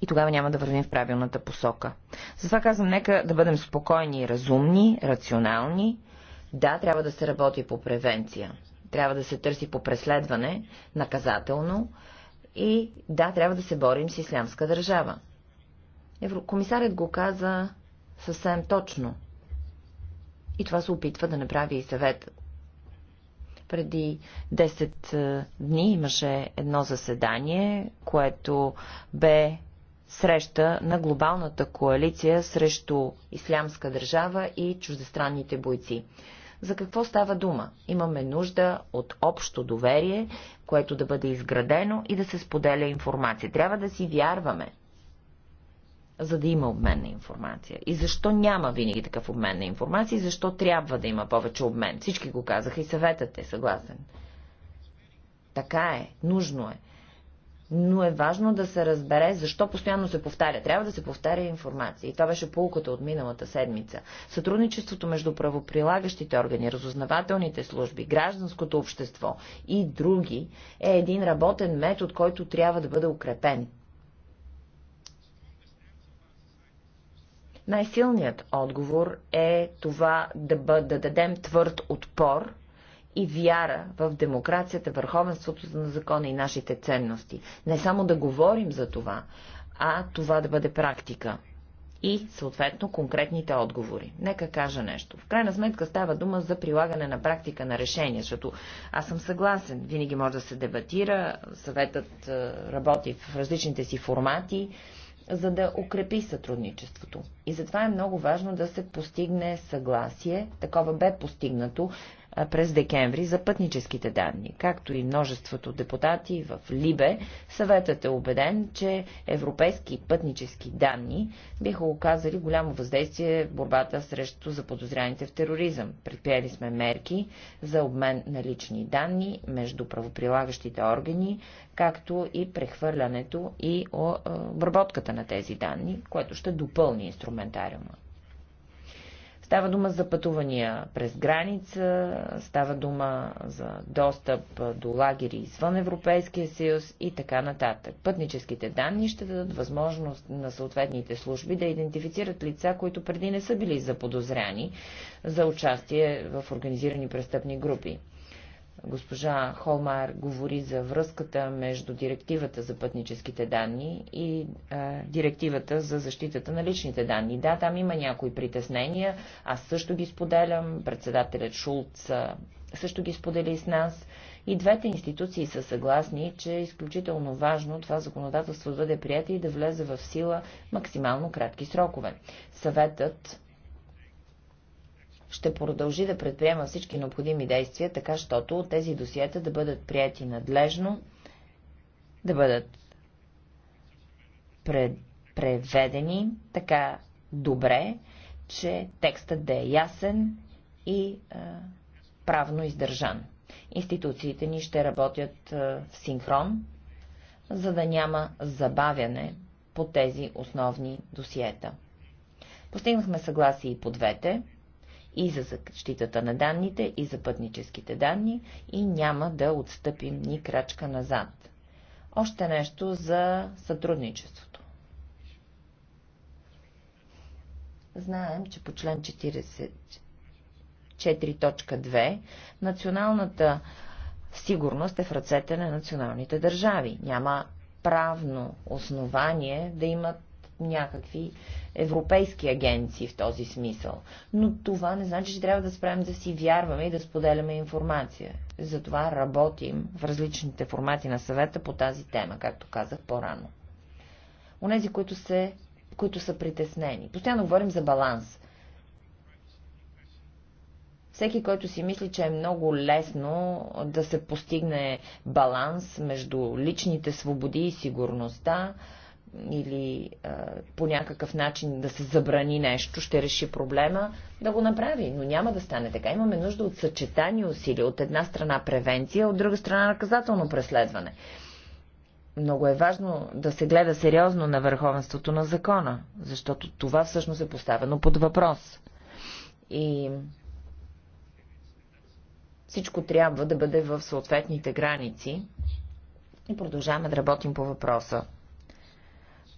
И тогава няма да вървим в правилната посока. Затова казвам, нека да бъдем спокойни, разумни, рационални. Да, трябва да се работи по превенция. Трябва да се търси по преследване, наказателно. И да, трябва да се борим с ислямска държава. Еврокомисарят го каза съвсем точно. И това се опитва да направи и съвет преди 10 дни имаше едно заседание, което бе среща на глобалната коалиция срещу Ислямска държава и чуждестранните бойци. За какво става дума? Имаме нужда от общо доверие, което да бъде изградено и да се споделя информация. Трябва да си вярваме за да има обмен на информация. И защо няма винаги такъв обмен на информация и защо трябва да има повече обмен. Всички го казаха и съветът е съгласен. Така е, нужно е. Но е важно да се разбере защо постоянно се повтаря. Трябва да се повтаря информация. И това беше полуката от миналата седмица. Сътрудничеството между правоприлагащите органи, разузнавателните служби, гражданското общество и други е един работен метод, който трябва да бъде укрепен. Най-силният отговор е това да, бъ, да дадем твърд отпор и вяра в демокрацията, върховенството на закона и нашите ценности. Не само да говорим за това, а това да бъде практика. И, съответно, конкретните отговори. Нека кажа нещо. В крайна сметка става дума за прилагане на практика на решения, защото аз съм съгласен. Винаги може да се дебатира, съветът е, работи в различните си формати, за да укрепи сътрудничеството. И затова е много важно да се постигне съгласие. Такова бе постигнато през декември за пътническите данни. Както и множеството депутати в Либе, съветът е убеден, че европейски пътнически данни биха оказали голямо въздействие в борбата срещу заподозряните в тероризъм. Предприели сме мерки за обмен на лични данни между правоприлагащите органи, както и прехвърлянето и обработката на тези данни, което ще допълни инструментариума. Става дума за пътувания през граница, става дума за достъп до лагери извън Европейския съюз и така нататък. Пътническите данни ще дадат възможност на съответните служби да идентифицират лица, които преди не са били заподозряни за участие в организирани престъпни групи. Госпожа Холмайер говори за връзката между директивата за пътническите данни и а, директивата за защитата на личните данни. Да, там има някои притеснения. Аз също ги споделям. Председателят Шулц също ги сподели с нас. И двете институции са съгласни, че е изключително важно това законодателство да бъде прието и да влезе в сила максимално кратки срокове. Съветът ще продължи да предприема всички необходими действия, така щото тези досиета да бъдат прияти надлежно, да бъдат пред, преведени така добре, че текстът да е ясен и а, правно издържан. Институциите ни ще работят а, в синхрон, за да няма забавяне по тези основни досиета. Постигнахме съгласие и по двете и за защитата на данните, и за пътническите данни и няма да отстъпим ни крачка назад. Още нещо за сътрудничеството. Знаем, че по член 44.2 националната сигурност е в ръцете на националните държави. Няма правно основание да имат някакви европейски агенции в този смисъл. Но това не значи, че трябва да спрем да си вярваме и да споделяме информация. Затова работим в различните формати на съвета по тази тема, както казах по-рано. Онези, които, се, които са притеснени. Постоянно говорим за баланс. Всеки, който си мисли, че е много лесно да се постигне баланс между личните свободи и сигурността, или а, по някакъв начин да се забрани нещо, ще реши проблема, да го направи. Но няма да стане така. Имаме нужда от съчетани усилия. От една страна превенция, от друга страна наказателно преследване. Много е важно да се гледа сериозно на върховенството на закона, защото това всъщност е поставено под въпрос. И всичко трябва да бъде в съответните граници и продължаваме да работим по въпроса.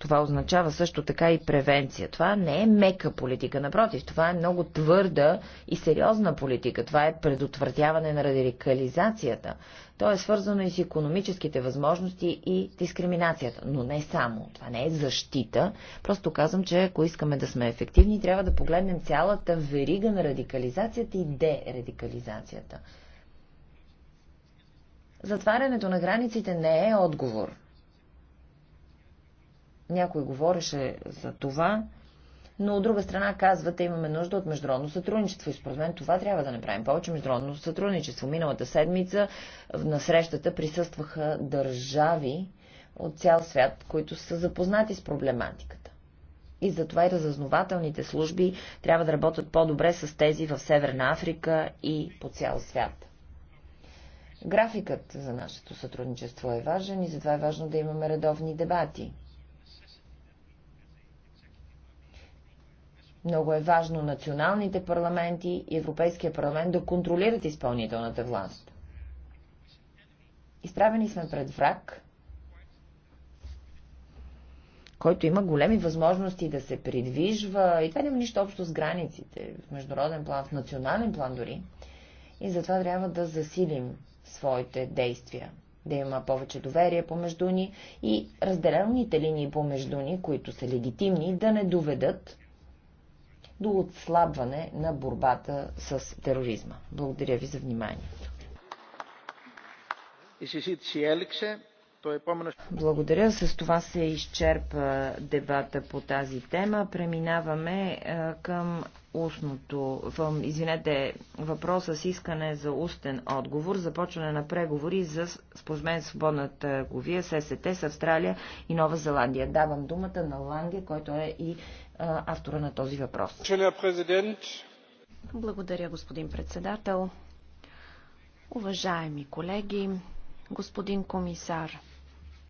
Това означава също така и превенция. Това не е мека политика, напротив, това е много твърда и сериозна политика. Това е предотвратяване на радикализацията. То е свързано и с економическите възможности и дискриминацията, но не само. Това не е защита. Просто казвам, че ако искаме да сме ефективни, трябва да погледнем цялата верига на радикализацията и дерадикализацията. Затварянето на границите не е отговор. Някой говореше за това, но от друга страна казвате, имаме нужда от международно сътрудничество и според мен това трябва да направим. Повече международно сътрудничество. Миналата седмица на срещата присъстваха държави от цял свят, които са запознати с проблематиката. И затова и разъзнавателните служби трябва да работят по-добре с тези в Северна Африка и по цял свят. Графикът за нашето сътрудничество е важен и затова е важно да имаме редовни дебати. Много е важно националните парламенти и Европейския парламент да контролират изпълнителната власт. Изправени сме пред враг, който има големи възможности да се придвижва и това няма нищо общо с границите, в международен план, в национален план дори. И затова трябва да засилим своите действия, да има повече доверие помежду ни и разделените линии помежду ни, които са легитимни, да не доведат до отслабване на борбата с тероризма. Благодаря ви за вниманието. Благодаря. С това се изчерпа дебата по тази тема. Преминаваме е, към устното, извинете, въпроса с искане за устен отговор, започване на преговори за спозмен свободна търговия с СТ с Австралия и Нова Зеландия. Давам думата на Ландия, който е и автора на този въпрос. Благодаря, господин председател. Уважаеми колеги, господин комисар,